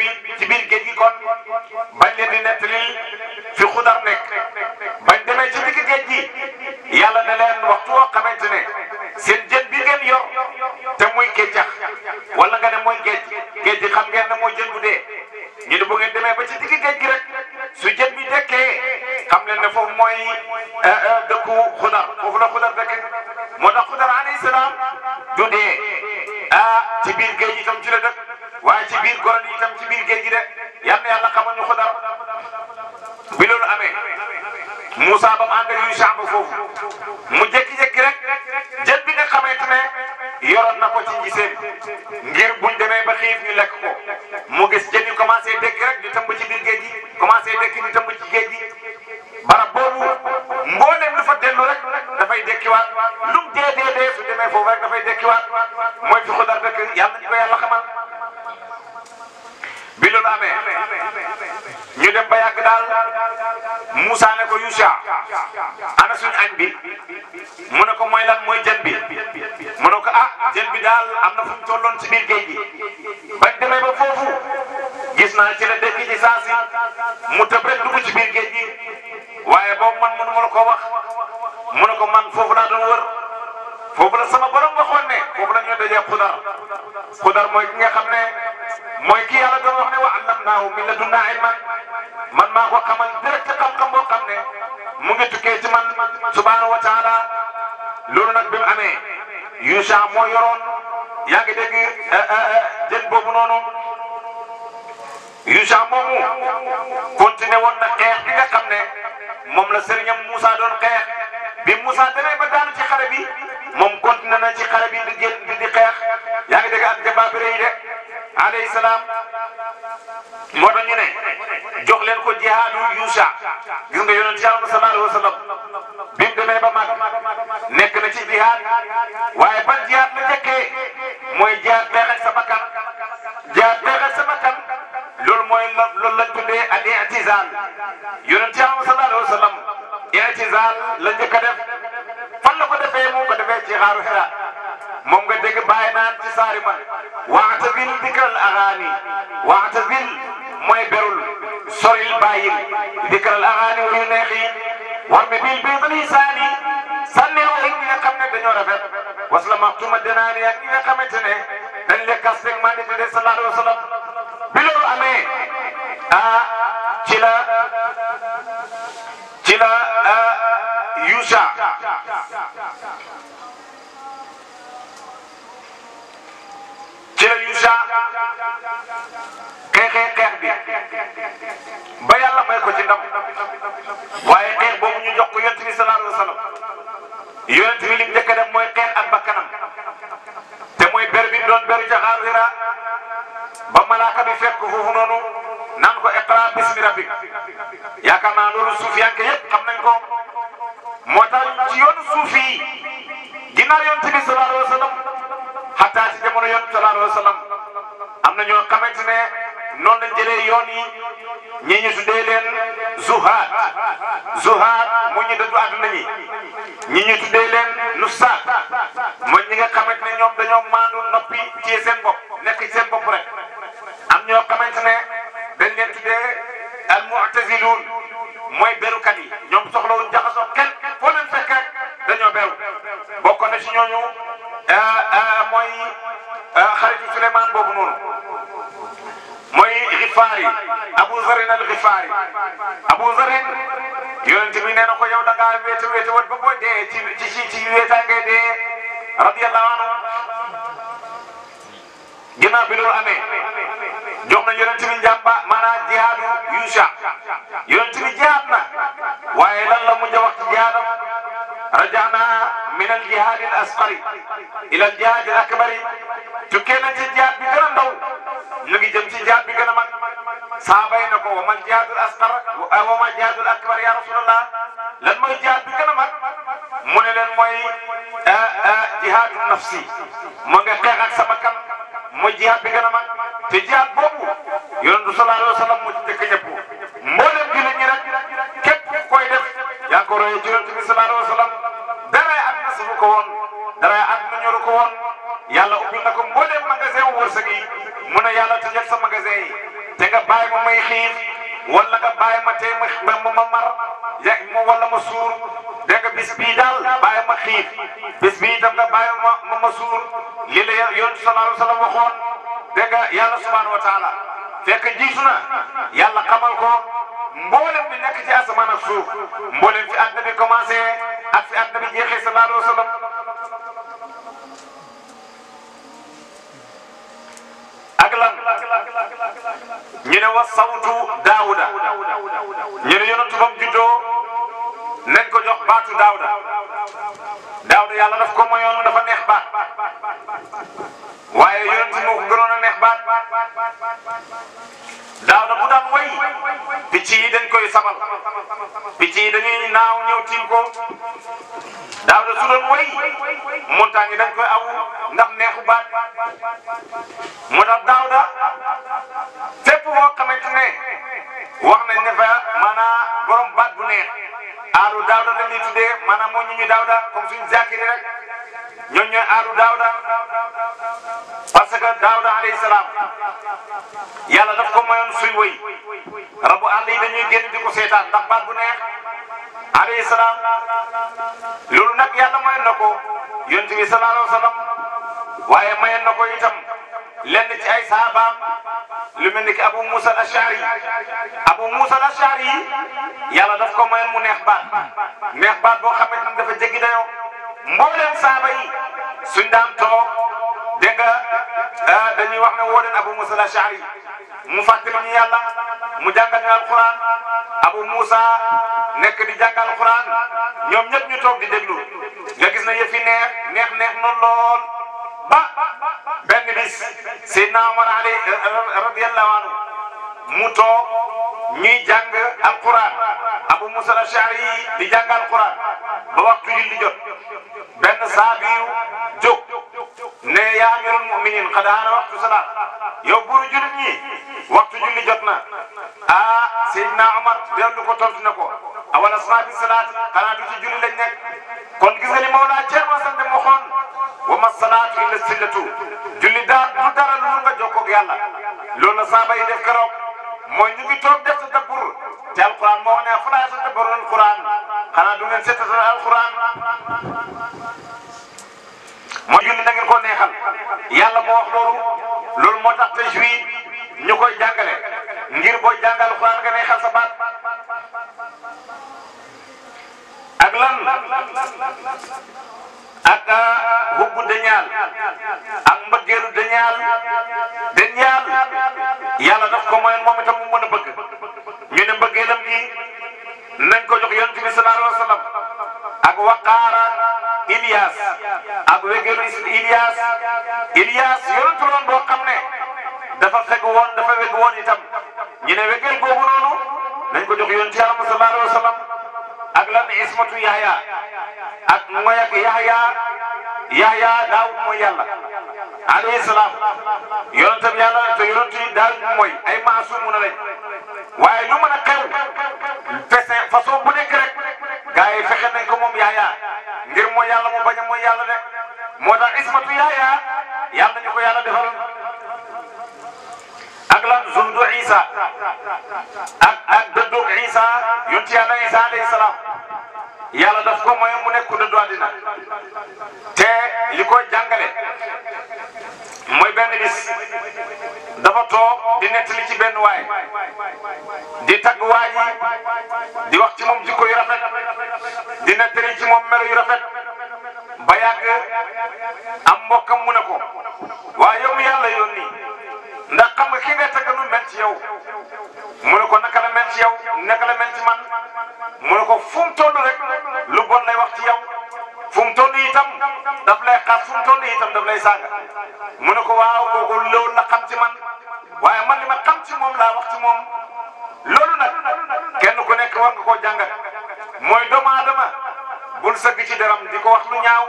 ko wax mu ne ko man foofu laa doon wër foofu la sama borom waxoon ne foofu la ñu dajee xudar xudar mooy ki nga xam ne mooy ki yàlla doon wax ne wa allamnaahu min ladunnaa ilman man maa ko xamal direct xam-xam boo xam ne mu ngi tukkee ci man subhaanahu wa taala loolu nag bi mu amee Yuusa moo yoroon yaa ngi dégg eh, eh, eh, jën boobu noonu Yuusa moomu continué woon na na na ci xare bi di gén bi di xeex yaa ngi dégg ak moo tax ñu ne ko jihaadu Yuusa gis nga yonent Yàlla sallallahu alayhi wa sallam bi mu demee ba mag nekk na ci jihaad waaye ban jihaad la njëkkee mooy jihaad beexal sa bakkan jihaad beexal sa bakkan loolu mooy la loolu lañ tuddee al i'tizaal yonent Yàlla sallallahu alayhi wa sallam i'tizaal la njëkk a def defee mu ko defee ci xaaru Hira moom nga dégg bàyyi naan ci saari man waxtabil dikral axaani waxtabil mooy berul soril bàyyil dikral axaani yu neex yi war mi bil bil bali saani sànneewu ak ñi nga xam ne dañoo rafet wasala maxtuma dinaani ak ñi nga xamante ne dañ le kasteeg maa ngi tuddee sallallahu alayhi wa sallam bi loolu amee ah ci la ci la ah, Moussa ci la Moussa xeexee xeex bi ba yàlla may ko ci ndam waaye xeex boobu ñu jox ko yonent bi sallallahu alayhi wa sallam yonent bi li mu njëkk a def mooy xeex ak bakkanam te mooy ber bi doon beru ca Xaafira ba malaaka bi fekk foofu noonu naan ko iqra bismi rabbik yaakaar naa loolu suuf yaa ngi yëpp xam nañ ko. moo tax ci yoonu suuf yi ginnaaw yonent bi sallallahu alayhi wa sallam xataa ci jamono yonent sallallahu alayhi am na ñoo xamante ne noonu lañ jëlee yoon yi ñi ñu tuddee leen zuhaat zuhaat mu ñu dëddu àdduna ñi ñi ñu tuddee leen nusaat mooy ñi nga ne ñoom dañoo maandu noppi ci seen bopp nekk ci seen bopp rek am ñoo xamante ne dañ leen tuddee al mooy berukat yi ñoom soxlawuñ jaxasoo kenn foo leen fekk rek dañoo beew bokkoon na ci ñooñu mooy xaritu Souleymane boobu noonu mooy Gifaari Abu Zarin al Gifaari Abu Zarin yonent bi nee na ko yow da ngaa wat ba boo dee ci ci ci ci wéetaay ngay dee radiyallahu anhu ginnaaw bi jox na yonent bi njàmba maanaam jihaadu Yuusa yonent bi jihaad na waaye lan la mujj a wax ci jihaadam rajaana min al jihaad al asqari ila al jihaad al akbari tukkee nañ ci jihaad bi gën a ndaw ñu ngi jëm ci jihaad bi gën a mag saaba yi ne ko wa mal jihaad al asqar wa mal jihaad al akbar ya rasulallah lan mooy jihaad bi gën a mag mu ne leen mooy eh, eh, jihaadu nafsi mu nga xeex ak sama kan moo jihaat bi gën a mag te jihaat boobu yonent bi sallallahu alayhi wa sallam moo ci njëkk ñëpp mboolem jullit ñi rek képp koy def yaa ngi ko royee ci yonent bi sallallahu alayhi wa sallam daraay àdduna sufu ko woon daraay àdduna ñoru ko woon yàlla ubbil na ko mboolem magasin wu wërsëg yi mu ne yàlla tëjal sa magasin yi te nga bàyyi ma may xiif wala nga bàyyi ma tey ma ma mar ya wala ma suur. dégg nga bis bii ma xiif bis bii itam nga bàyyi ma ma ma suur lii la yoon sallallahu alayhi wa sallam waxoon dégg nga yàlla subhaanahu wa taala fekk jiitu na yàlla xamal ko mboolem bi nekk ci asamaan ak suuf bi commencé ak fi àdduna bi jeexee wa sallam ak wa sawtu daawuda ñu ne yonentu bam nañ ko jox baatu daawda daawda yàlla daf ko mayoon dafa neex baat waaye yonent moo ko gënoon a neex baat daawda bu daan way picc yi dañ koy sabal picc yi dañuy naaw ñëw tiim ko daawda su doon way montagne yi dañ koy awu ndax neex baat moo tax daawda fépp boo xamante ne wax nañ ne fa maanaam borom baat bu neex aalu daawda la ñuy tuddee maanaam mooy ñu ñu daawda comme suñu zakiri rek ñoom aalu daawda parce que daawda alayhi salaam yàlla daf ko mayoon suy wëy rabu àll yi dañuy génn di ko seetaan ndax baat bu neex alayhi salaam loolu nag yàlla mayoon na ko yonent bi sallallahu alayhi waaye mayoon na ko itam. lenn ci ay saabaam lu mel ni ki abu musa al ashari abu musa al ashari yàlla daf ko mayoon mu neex baat neex baat boo xamante ni dafa a dayoo mbooleem saaba yi suñ daan toog dégg nga ah, dañuy wax ne woo leen abu musa al ashari mu fàttali ñu yàlla mu jàngal ñu alquran abu musa nekk di jàngal alquran ñoom ñëpp ñu toog di déglu nga gis na yëfi neex neex neex na lool ba. benn bis Seydina Omar Ali eh, eh, radiyallahu anhu mu toog ñuy jàng alquran Abu Musa al-Ash'ari yi di jàng alquran ba waxtu julli jot benn saabiyu jóg ne yaa amirul mu'minin xadaana waxtu salaat yow buru jullit ñi waxtu julli jot na ah Seydina Omar dellu ko tontu na ko awala saabi salaat xanaa du ci julli lañ nekk kon gis nga ni Mawlaa Thierno Sane dem waxoon wa ma salaatu illa sillatu julli daal du dara lu nga jokkoog yàlla loolu la saaba yi def keroog mooy ñu ngi def tadabbur te alquran moo wax ne falaa tadabbarul alquran xanaa du ngeen seetatal alquran mooy julli na ngeen ko neexal yàlla moo wax loolu loolu moo tax tajwid ñu koy jàngale ngir booy jàngal alquran nga neexal sa baat ak lan ak hubbu dañaal ak mbëggeelu dañaal dañaal yàlla daf ko mooy moom itam mu mën a bëgg ñu ne mbëggeelam gi nañ ko jox yonent bi sallallahu alayhi wa sallam ak waqaara Ilias ak wégeelu Ilias Ilias yonentu loon ne dafa fekk woon dafa wegg woon itam ñu ne wegeel googu noonu nañ ko jox yonent yàlla sallallahu alayhi wa sallam ak lan ismatu ak mooy ak Yahya Yahya daawut mooy yàlla alayhi salaam yonentam yàlla te yonent yi daawut mooy ay maasum na lañ waaye lu mën a xew fese façon bu nekk rek gaa yi fexe nañ ko moom Yahya ngir mooy yàlla mu bañ a mooy yàlla de moo tax ismatu Yahya yàlla ñu ko yàlla defal ak lan zundu Isa ak ak dëddu Isa yonent yàlla Isa alayhi salaam yàlla daf ko mooy mu nekk ku dëddu àddina te li koy jàngale mooy benn bis dafa toog di nettali ci benn waay di tagg waay di wax moom jikko yu rafet di nettali ci moom melo yu rafet ba yàgg am mbokkam mu ne ko waa yow yàlla yónni ndax xam nga ki nga tagg nu mel ci mu ne ko naka la mel ci yow naka la mel man. mu ne ko fu mu toll rek lu bon lay wax ci yow fu mu toll itam daf lay xas fu mu toll itam daf lay saaga mu ne ko waaw kooku loolu la xam ci man waaye man li ma xam ci moom laa wax ci moom loolu nag kenn ku nekk war nga koo jàngat mooy doomu aadama bul sëgg ci deram di ko wax lu ñaaw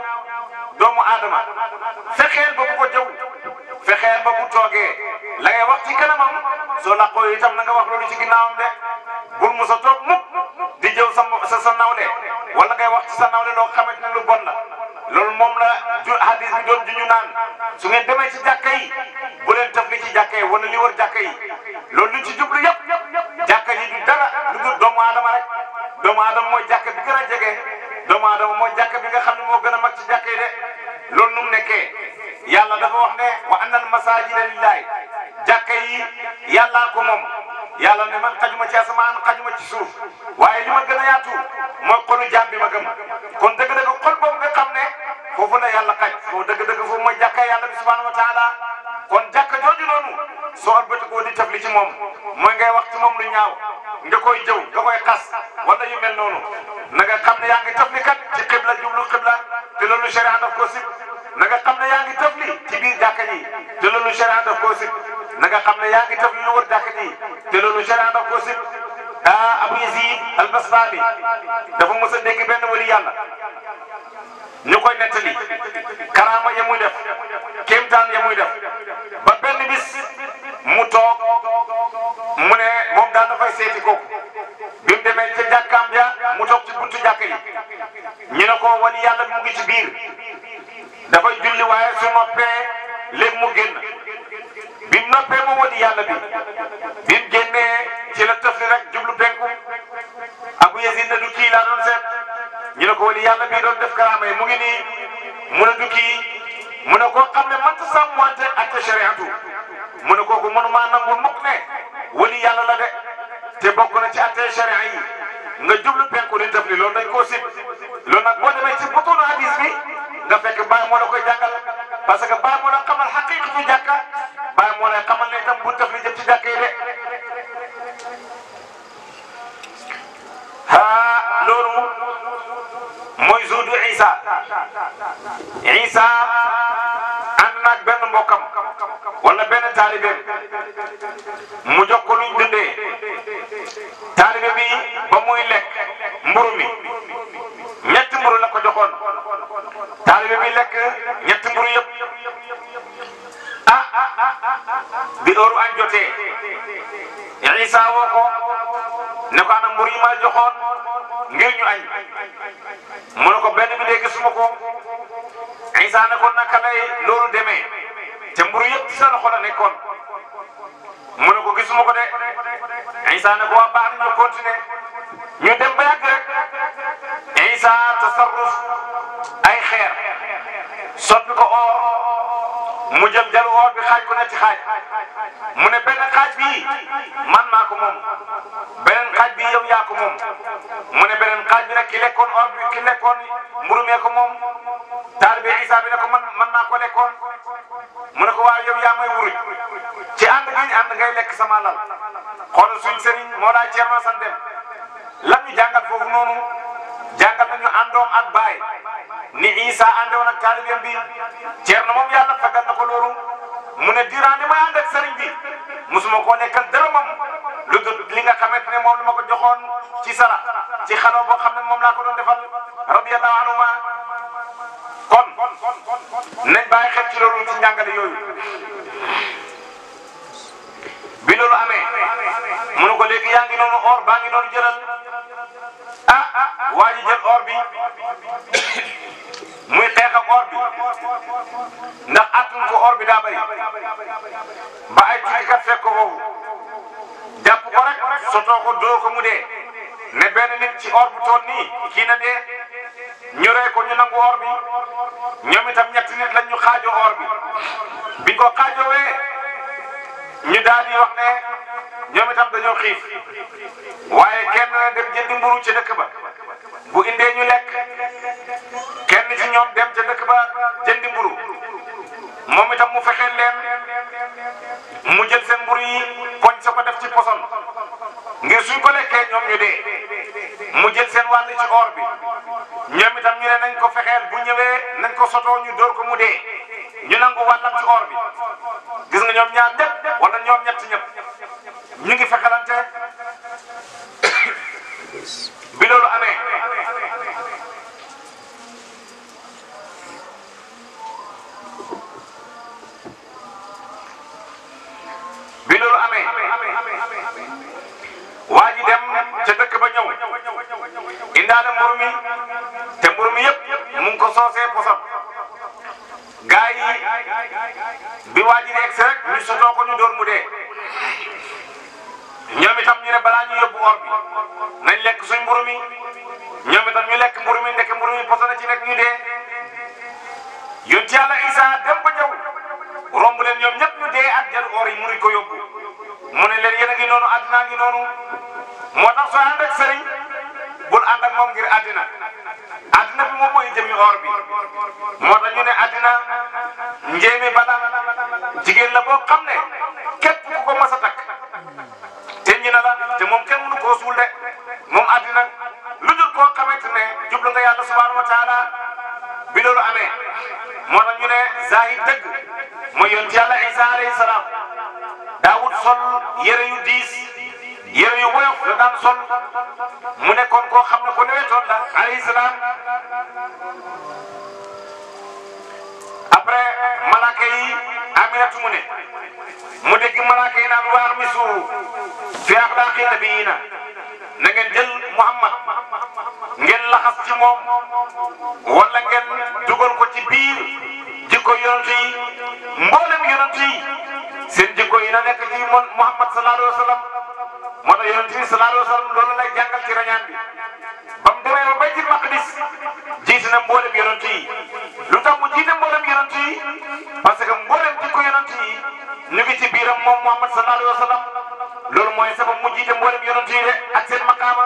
doomu aadama fexeel ba bu ko jëw fexeel ba bu toogee la ngay wax ci kanamam soo laqoo itam na nga wax loolu ci ginnaawam le bul musa toog mukk jëw sa sa sa nawle wala ngay sa nawle loo xamante ne lu bon la loolu moom la ju hadis bi ñu naan su ngeen demee ci jàkka yi bu leen taf li ci jàkka yi wala li war jàkka yi loolu luñ ci jublu yëpp jàkka yi du dara lu dul doomu aadama rek doomu aadama mooy jàkka bi gën a jege doomu mooy jàkka bi nga xam ne moo gën a mag ci jàkka yi de loolu nu mu nekkee yàlla dafa wax ne wa annal masaajida lillaahi jàkka yi yàllaa ko moom yàlla ne man xajuma ci asamaan xajuma ci suuf waaye li ma gën a yaatu mooy xolu jaam bi ma gëm kon dëgg-dëgg xol boobu nga xam ne foofu la yàlla xaj foo dëgg-dëgg foofu mooy jàkka yàlla bi subhaanahu wa taala kon jàkka jooju noonu soo ëlbatikoo di tafli ci moom mooy ngay wax ci moom lu ñaaw nga koy jëw nga koy xas wala yu mel noonu na nga xam ne yaa ngi tafli kat ci xibla jublu xibla te loolu sharia daf ko sib na nga xam ne yaa ngi tafli ci biir jàkka yi na nga xam ne yaa ngi tëf lu wër jàkk ji te loolu sharia da ko sib ah Abu Yazid al-Bastami dafa mos a dégg benn wali yàlla ñu koy nettali karaama ya muy def kéemtaan ya muy def ba benn bis mu toog mu ne moom daal dafay seeti ko bi mu demee ca jàkkaam ja mu toog ci buntu jàkk yi ñu ne ko wali yàlla bi mu ngi ci biir dafay julli waaye su noppee léegi mu génn. bi mu noppee mu wëli yàlla bi bi génnee ci la tëf li rek jublu penku Abu Yazid ne du kii laa doon seet ñu ne ko wëli yàlla bi doon def karaama yi mu ngi nii mu ne du mu ne koo xam ne mënta sàmmante ak te shariatu mu ne kooku mënuma nangu mukk ne wëli yàlla la de te bokk na ci atte sharia yi nga jublu penku ni tëf li loolu dañ koo sib loolu a boo demee ci butunu hadis bi nga fekk bàyyi moo la koy jàngal parce que baa moo la xamal xaqiiqi ci jàkka baa moo lay xamal ne itam bu taf li jëm ci jàkka yi de naag benn mbokkam wala benn taalibeem mu jox ko taalibe bi ba muy lekk mburu mi. taalibe bi lekk ñetti mburu yëpp ah, ah, ah, ah bi heure añ jotee Isa woo ko ne ko ana mburu yi ma joxoon ngir ñu añ mu ne ko benn bi de gisuma ko Isa ne ko naka lay loolu demee te mburu yëpp ci sa loxo la nekkoon mu ne ko gisuma ko de Isa ne ko waa baax na ñu continuer ñu dem ba yàgg rek Isa tasarruf xeer soppi ko or mu jël jalu or bi xaaj ko ne ci xaaj mu ne benn xaaj bi man maa ko moom beneen xaaj bi yow yaa ko moom mu ne beneen xaaj bi nag ki lekkoon or bi ki lekkoon mburu mee ko moom taalibe Isaa bi ne ko man man maa ko lekkoon mu ne ko waaw yow yaa may wuruj ci ànd gi ànd ngay lekk sama lal xoolal suñ sëriñ moo daa Ceerno San Dem lan ñu jàngal foofu noonu jàngal nañu àndoom ak baay ni Isa àndoon ak taalibeem bi Ceerno moom yàlla fagal na ko loolu mu ne durant li may ànd ak sëriñ bi musuma koo nekkal dërëmam lu li nga xamante ne moom la ma ko joxoon ci sara ci xaloo boo xam ne moom laa ko doon defal radiyallahu anhuma kon nañ bàyyi xel ci loolu ci njàngale yooyu bi loolu amee mu ne ko léegi yaa ngi noonu or baa ngi noonu jëlal ah waa ji jël or bi muy xeex ak or bi ndax atun ko or bi daa bëri ba ay tuutikat fekk ko foofu jàpp ko rek sotoo ko doo mu dee ne benn nit ci or bu tool nii kii na dee ñu rey ko ñu nangu or bi ñoom itam ñetti nit lañ ñu xaajoo or bi biñ ko xaajoowee ñu daal wax ne. ñoom itam dañoo xiif waaye kenn na dem jëndi mburu ci ba bu indee ñu lekk kenn ci ñoom dem ca dëkk ba jëndi mburu moom itam mu fexeel leen mu jël seen mburu yi poñ sa def ci poson ngir suñ ko lekkee ñoom ñu dee mu jël seen wàll ci or bi ñoom itam ñu ne nañ ko fexeel bu ñëwee nañ ko sotoo ñu dóor ko mu dee ñu nangu wàllam ci or bi gis nga ñoom ñaar ñëpp wala ñoom ñett ñëpp. ñu ngi fekkalante bi loolu amee bi loolu amee waa ji dem ca dëkk ba ñëw indaale mburu mi te mburu mi yëpp mu ngi ko soosee posam bi waa ji nekk rek ñu sotoo ko mu dee. ñoom itam ñu ne balaa ñu yóbbu or bi lekk suñ mburu mi ñoom itam ñu lekk mburu mi ndeke mburu mi poso na ci nekk ñu dee yonti yàlla Isa dem ba ñëw romb leen ñoom ñëpp ñu dee ak jël or yi mënuñ ko yóbbu mu ne leen yéen a ngi noonu àddina ngi noonu moo tax soo ànd ak sëriñ bul ànd ak moom ngir àddina àddina bi moom mooy jëmi or bi moo tax ñu ne àddina njéemi bala jigéen la boo xam ne képp ku ko mas moom kenn mënu koo suul de moom àddina lu dul koo xamante ne jublu nga yàlla subhanahu wa taala bi moo tax ñu ne zahid dëgg mooy yonent yàlla Isa alayhi salaam daawut sol yére yu diis yére yu woyof la daan sol mu nekkoon koo xam ne ko newetoon la alayhi salaam après malaaka yi aminatu mu ne mu dégg malaaka yi naan waar misu fi axlaaqi nabiyina na ngeen jël Muhammad ngeen laxas ci moom wala ngeen dugal ko ci biir jikko yonent yi mboolem yonent yi seen jikko yi na nekk ci Muhammad sallallahu alayhi wa sallam moo tax yonent yi sallallahu alayhi wa sallam loolu lay jàngal ci rañaan bi demee ba baytil maqdis jiite na mboolem yonent yi lu tax mu parce que mboolem jikko yonent yi ñu ngi ci biiram moom Muhammad sallallahu alayhi wa sallam loolu mooy sabab mu jiite mboolem yonent yi de ak seen maqaama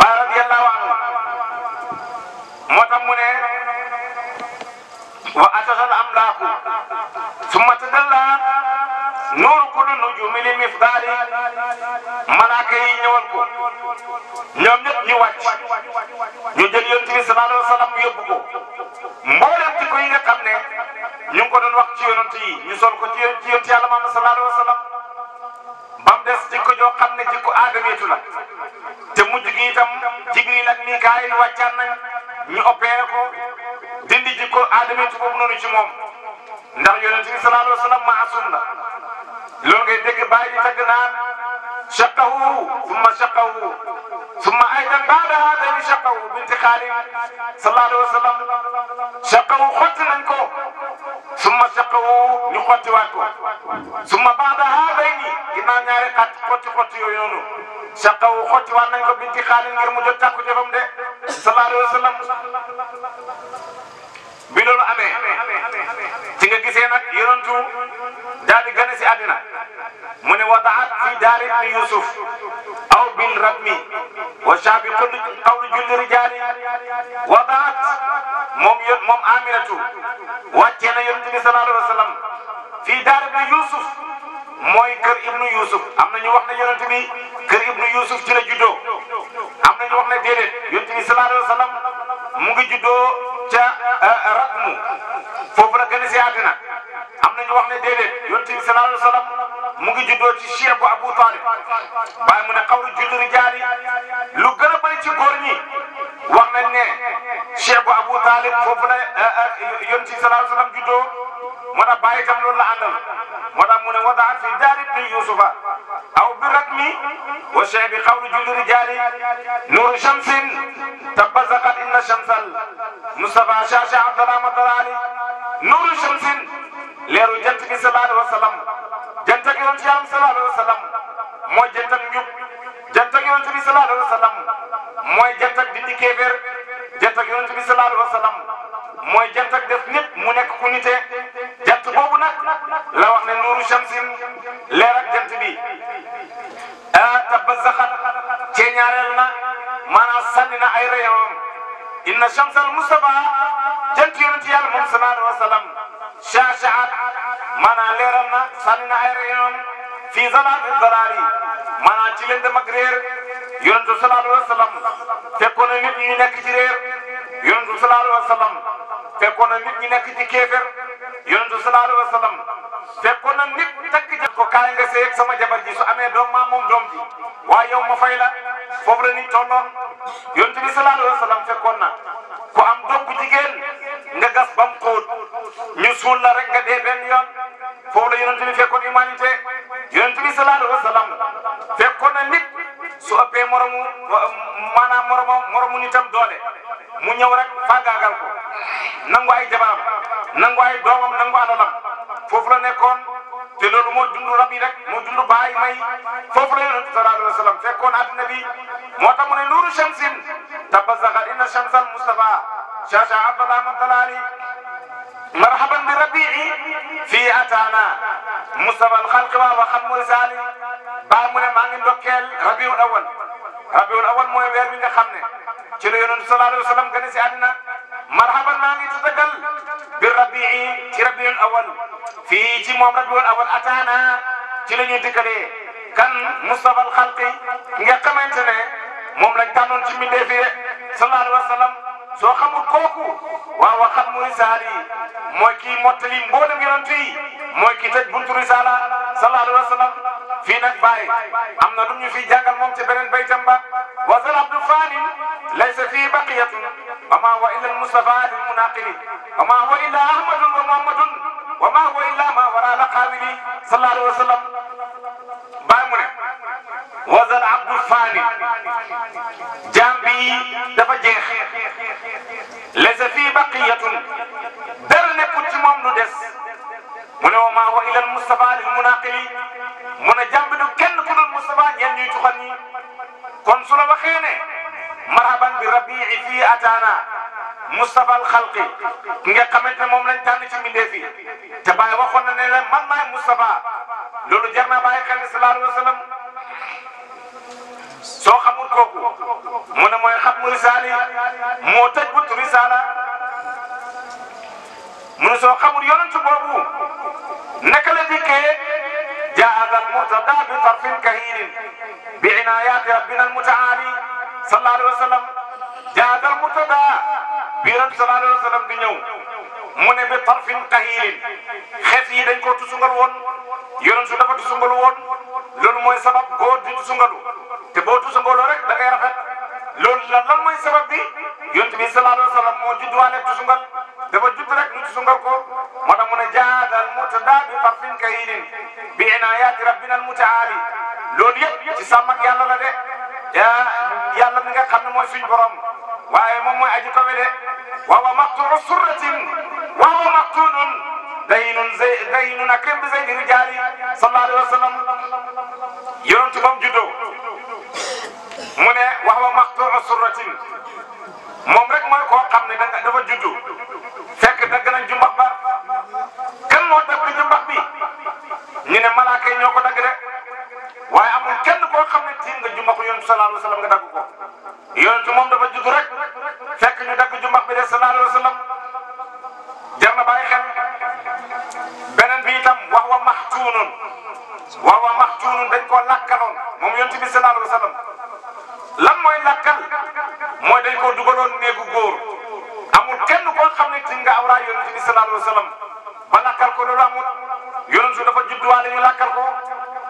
ba radiyallahu anhu moo tax mu ne wa atatal amlaaku summa tadalla kullu nujumi li mifdaali malaaka yi ñëwal ko ñoom ñëpp ñu wàcc ñu jël yonent bi sallallahu alayhi wa sallam yóbbu ko mboolem ci ko yi nga xam ne ñu ngi ko doon wax ci yonent yi ñu sol ko ci ci yonent yàlla Muhammad sallallahu alayhi wa sallam ba mu des jikko joo xam ne jikko aadamitu la te mujj gi itam Jibril ak Mikaayil wàccaan nañ ñu opéré ko dindi jikko aadamitu boobu noonu ci moom ndax yonent bi sallallahu alayhi wa la loo ngay dégg bàyyi di tagg naan shaqahu summa shaqahu summa aydan baada haadani shaqahu binti xaalid sallallahu alayhi wa sallam shaqahu xotti nañ ko summa shaqahu ñu xottiwaat ko summa baada haadayni ginnaaw ñaari at xotti xotti yooyu noonu shaqahu xottiwaat nañ ko binti xaalid ngir mu jot tàkku jëfam de sallallahu alayhi wa sallam bi loolu amee ci nga gisee nag yonantu daal di gane si àddina mu ne wadaat fi daari ibni yusuf aw bil rabmi wa shaabi xul xawlu julli rijaali wadaat moom yon moom aminatu wàccee na yonantu bi sallallahu alayhi wa sallam fii daari ibni yusuf mooy kër ibnu yusuf am na ñu wax na yonantu bi kër ibnu yusuf ci la juddoo am na ñu wax na déedéet yonantu bi sallallahu alayhi mu ngi juddoo ca eh, eh, Ratmu foofu la gën a si àddina am nañu wax ne déedéet yonent bi sallallahu alayhi wa mu ngi juddoo ci chef bu Abu Talib waaye mu ne xawlu julli rijaal yi lu gën a bëri ci góor ñi wax nañ ne chef bu Abu Talib foofu la eh, yonent bi sallallahu alayhi wa sallam juddoo moo tax bàyyi itam loolu la àndal moo tax mu ne wa daal fii Yusufa aw bi rat wa chef bi xawlu julli rijaal yi nuuru shamsin tabazaqat أن شمس المصطفى شاشة عبد الله مدراني نور شمس leeru jant gi sallallahu alayhi wa sallam jant ak yonent yàlla sallallahu alayhi wa sallam mooy jant ak njub jant ak yonent bi sallallahu alayhi wa sallam mooy jant ak dindi kéeféer jant ak yonent bi sallallahu alayhi wa sallam mooy jant ak def nit mu nekk ku nite jant boobu nag la wax ne nuuru shamsin leer ak jant bi ah tabba zaxat cee ñaareel na maanaam sànni na ay rayons. inna shamsal mustafa jant yonent yàlla moom sallallahu alayhi wa sallam shashaat maanaam leeral na sànni na ay rayonam fii zalaati zalaali maanaam ci leen dem ak réer yonent bi sallallahu alayhi wa sallam fekkoon na nit ñi nekk ci réer yonent bi sallallahu alayhi wa na nit ñi nekk ci kéefër yonent bi sallallahu alayhi wa sallam na nit takk ko kaay nga sa sama jabar ji amee doom maa moom doom ji waaye ma fay foofu la ñuy tolloon yonent bi sallallahu alayhi wa sallam fekkoon na ku am doom bu jigéen nga gas ba mu xóot ñu suul la rek nga dee benn yoon foofu la yonent fekkoon humanité yonent bi sallallahu alayhi wa sallam fekkoon na nit su ëppee moromu maanaam moromu nitam doole mu ñëw rek faagaagal ko nangu ay jabaram nangu ay doomam nangu alalam foofu la nekkoon. te loolu moo dund rab yi rek moo dund baay may foofu la yonent sallallahu alayhi wa sallam fekkoon àddina bi moo tax mu ne nuuru shamsin tabazaxat inna shamsal mustafa shasha abdallah mantalali marhaban bi rabii fii ataana mustafa alxalqi wa wa xam mooy saali baa mu ne maa ngi ndokkeel rabiul awal rabiul awal mooy weer bi nga xam ne ci la yonent sallallahu alayhi wa sallam gane si àddina marhaban maa ngi tatagal bi rabii ci rabiul awal fii ci moom rabiul awal ataana ci la ñuy dikkalee kan Mustafa al xalqi nga xamante ne moom lañ tànnoon ci mbindee fi sallallahu alayhi wa sallam soo xamul kooku waaw wa xam mu risaal yi mooy kii mottali mboolem yonent yi mooy kii tëj buntu risaala sallallahu alayhi wa sallam fii nag Baye am na lu ñu fi jàngal moom ci beneen baytam ba wa zal abdu faanin laysa fii baqiyatun وما هو إلا المصطفى للمناقل وما هو إلا أحمد ومحمد وما هو إلا ما وراء لقابلي صلى الله عليه وسلم بايمونه وذا العبد الفاني جنبي دفا جيخ ليس في بقية در نكوت ci moom lu des mu ne وما هو إلا المصطفى للمناقل mu ne jàmb du kenn ku dul Moustapha ñeen ñuy tuxal ñi kon su la waxee ne marhaban bi rabii fii ataana Moustapha al xalqi ki nga xamante ne moom lañ tànn ci mbindeef yi te Baye waxoon na ne la man maay Moustapha loolu jar naa bàyyi xel sallallahu alayhi wa sallam soo xamul kooku mu ne mooy xam mu risaali moo tëj buntu risaala mu ne soo xamul yonent boobu naka la dikkee jaa al murtada bi tarfin kahirin bi inaayati rabbina al mutaali sallallahu alayhi wa sallam jaadal murtada bii ren sallallahu alayhi wa sallam di ñëw mu ne ba tarfin tahilin xeet yi dañ koo tusungal woon yonen su dafa tusungalu woon loolu mooy sabab góor di tusungalu te boo tusungaloo rek da ngay rafet loolu lan lan mooy sabab bi yonent bi sallallahu alayhi wa sallam moo juddwaale tusungal dafa judd rek ñu tusungal ko moo tax mu ne jaadal murtada bi tarfin tahilin bi inaayati rabbina al mutaali loolu yëpp ci sàmm ak yàlla la de. yaa yàlla mi nga xam ne mooy suñu borom waaye moom mooy aji kawe de waawa maqturu surratin waawa maqtunun daynun zay daynun akrim bi zaydi rijaali sallallahu alayhi wa sallam yonent ba mu juddoo mu ne waawa maqturu surratin moom rek mooy koo xam ne danga dafa juddu fekk dagg nañ jumbax ba kan moo dagg jumbax bi ñu ne malaaka yi ñoo ko dagg de. waaye amul kenn koo xam ne tiim nga jumbax ko yonent sallallahu alayhi wa sallam nga dagg ko yonent moom dafa judd rek fekk ñu dagg jumbax bi de sallallahu alayhi wa sallam jar na bàyyi xel beneen bi itam wax wa maxtuunun wax wa maxtuunun dañ koo lakkaloon moom yonent bi sallallahu alayhi wa sallam lan mooy lakkal mooy dañ koo dugaloon néegu góor amul kenn koo xam ne tiim nga awra yonent bi sallallahu alayhi wa sallam ba lakkal ko loolu amul yonent dafa judduwaale ñu lakkal ko.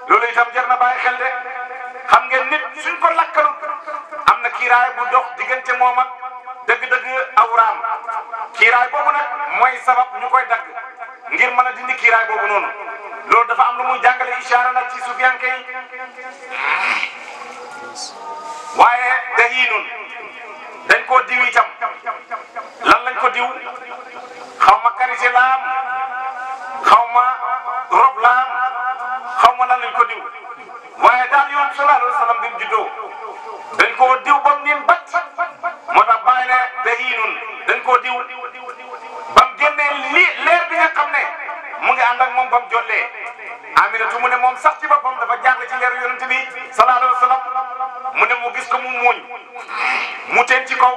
loolu itam jar na bàyyi xel de xam ngeen nit suñ ko lakkalu am na kiiraay bu dox diggante moom ak dëgg-dëgg awraam kiiraay boobu nag mooy sabab ñu koy dagg ngir mën a dindi kiiraay boobu noonu loolu dafa am lu muy jàngale ishaara nag ci sufiyanke yi waaye dahiinun dañ koo diw itam lan lañ ko diw xaw ma karise laam xaw ma rob laam xaw ma lan lañ ko diw waaye daal yoon sallallahu alayhi wa sallam bi mu juddoo dañ koo diw ba mu niin bat moo tax bàyyi ne dahiinun dañ koo diw ba mu li leer bi nga xam ne mu ngi ànd ak moom ba mu jollee aminatu mu ne moom sax ci boppam dafa jàng ci leeru yonent bi sallallahu alayhi wa sallam mu ne mu gis ko mu muuñ mu teen kaw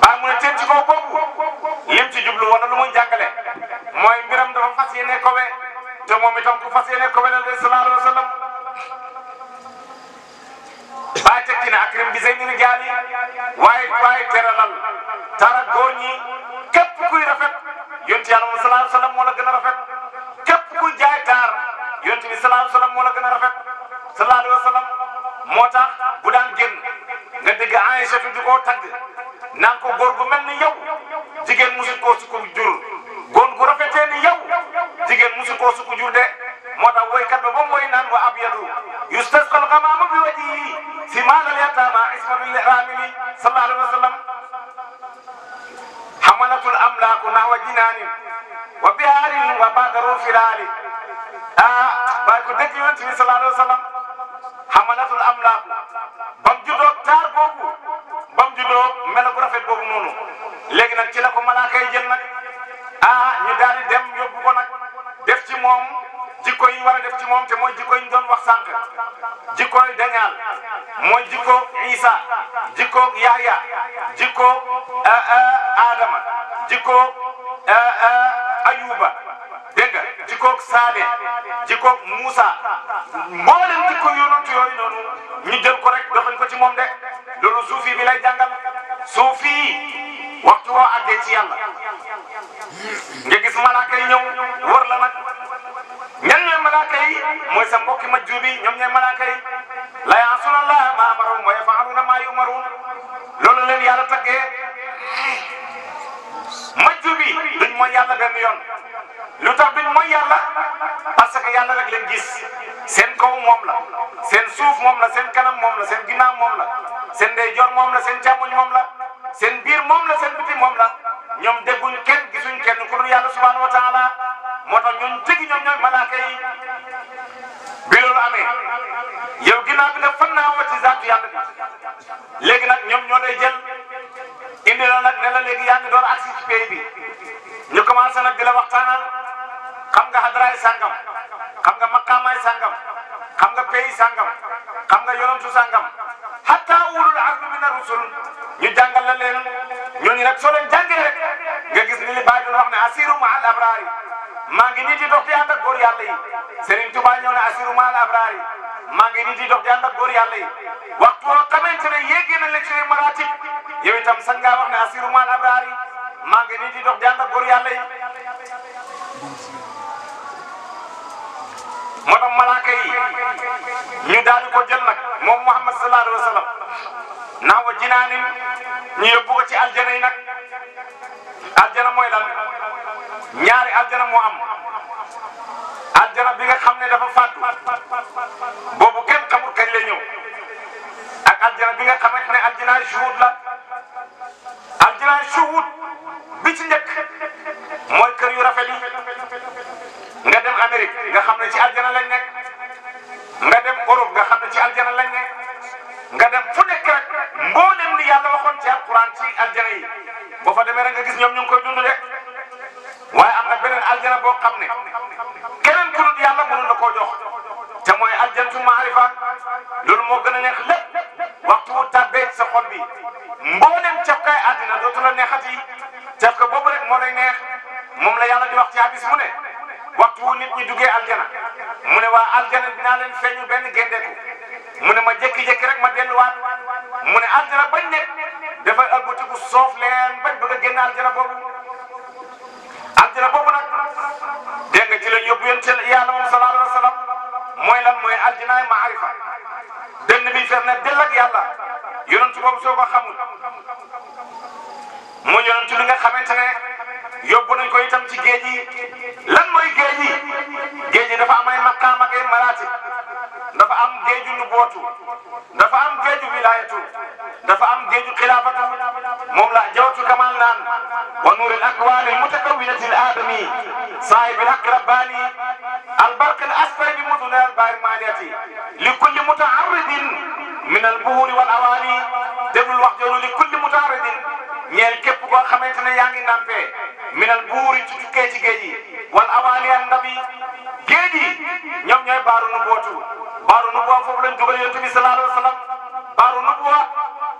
baa mu ne teen ci kaw boobu lim ci jublu wala lu muy jàngale mooy mbiram dafa fas yéene kowe te moom itam ku fas yéene ko melal sallallahu alayhi wa sallam baa tekki na akrim bi zeyni rijaal yi waaye waaye teralal tara góor ñi képp kuy rafet yonti yàlla moom sallallahu alayhi wa gën a rafet képp kuy jaay taar yonti bi sallallahu alayhi wa sallam moo la gën a rafet sallallahu alayhi moo tax bu daan génn nga dégg Aïcha di ko tagg naan ko góor gu mel ni yow jigéen musul ko si ko jur góor gu rafetee ni jàngalekat ba moom mooy naan wa abyadu yustasqa al-ghamamu bi wajhihi fi mal al-yatama ismatu lil-amili sallallahu alayhi wa sallam hamalatul amlaku nahwa jinanin wa biharin wa badaru filali ah bàyyi ko dëkk yonent bi sallallahu alayhi wa sallam jikko yi ñu def ci moom te mooy jikko yi ñu doon wax sànq jikkooy dañaan mooy jikko Isa jikko Yahya jikko euh, euh, seen ndeyjoor moom la seen càmmoñ moom la seen biir moom la seen biti moom la ñoom dégguñ kenn gisuñ kenn ku dul yàlla subhanahu wa taala moo tax ñooñu tëggi ñoom ñooy malaaka yi bi loolu amee yow ginnaaw bi nga fan naa wacci zaatu yàlla bi léegi nag ñoom ñoo lay jël indi la nag ne la léegi yaa ngi door agsi ci pays bi ñu commencé nag di la waxtaanal xam nga xadaraay sàngam xam nga maqaamaay sàngam xam nga pays sàngam xam nga yonantu sàngam Samsun ñu jàngal la leen ñooñu nag soo leen jàngee rek nga gis ni li Baay doon maa ngi nii di dox di ànd ak góor yi Serigne Touba ma al maa ngi nii di dox di ànd ak góor yàlla yi waxtu woo xamante ne yéegee na leen maa ngi nii di dox góor yàlla yi. moo tax malaaka yi ñu daal ko jël moom Muhammad sallallahu alayhi naaw wa jinaanin ñu yóbbu ko ci aljana yi nag aljana mooy lan ñaari aljana moo am aljana bi nga xam ne dafa fàttu boobu kenn xamul kañ lay ñëw ak aljana bi nga xamante ne aljanaay shuhud la aljanaay shuhud bi ci njëkk mooy kër yu rafet yi nga dem Amérique nga xam ne ci aljana lañ ne nga dem Europe nga xam ne ci aljana lañ ne nga dem fu nekk rek mboolem li yàlla waxoon ci alquran ci aljana yi boo fa demee rek nga gis ñoom ñu ngi koy dund de waaye am na beneen aljana boo xam ne keneen ku dul yàlla mënul na koo jox te mooy aljanatu maarifa loolu moo gën a neex lépp waxtu wu tàbbee sa xol bi mboolem cafkaay àddina dootu la neexati cafka boobu rek moo lay neex moom la yàlla di wax ci hadis mu ne waxtu wu nit ñi duggee aljana mu ne waa aljana dinaa leen feeñu benn génn aljana bañ ne dafay albutiku soof leen bañ bëgg a génn aljana boobu aljana boobu nag dégg nga ci la yóbbu yéen ci yàlla moom sallallahu alayhi wa sallam mooy lan mooy aljanaay maarifa dënn bi fer ne dell ak yàlla yonentu boobu soo ko xamul mu yonentu li nga xamante ne yóbbu nañ ko tam ci géej yi am géeju nubuwatu dafa am géeju wilayatu dafa am géeju xilaafatu moom la jawtu kamal naan wa nuur al akwaan al mutakawinati al aadami saahib al haq rabbani al bi mudun al barimaniyati li kulli mutaaridin min al buhuri wal awaani déglul wax joonu li kulli mutaaridin ñeel képp koo xamante ne yaa ngi nampé min al buuri ci nubuwa foofu lañ dugal yonent bi sallallahu alayhi wa sallam baaru nubuwa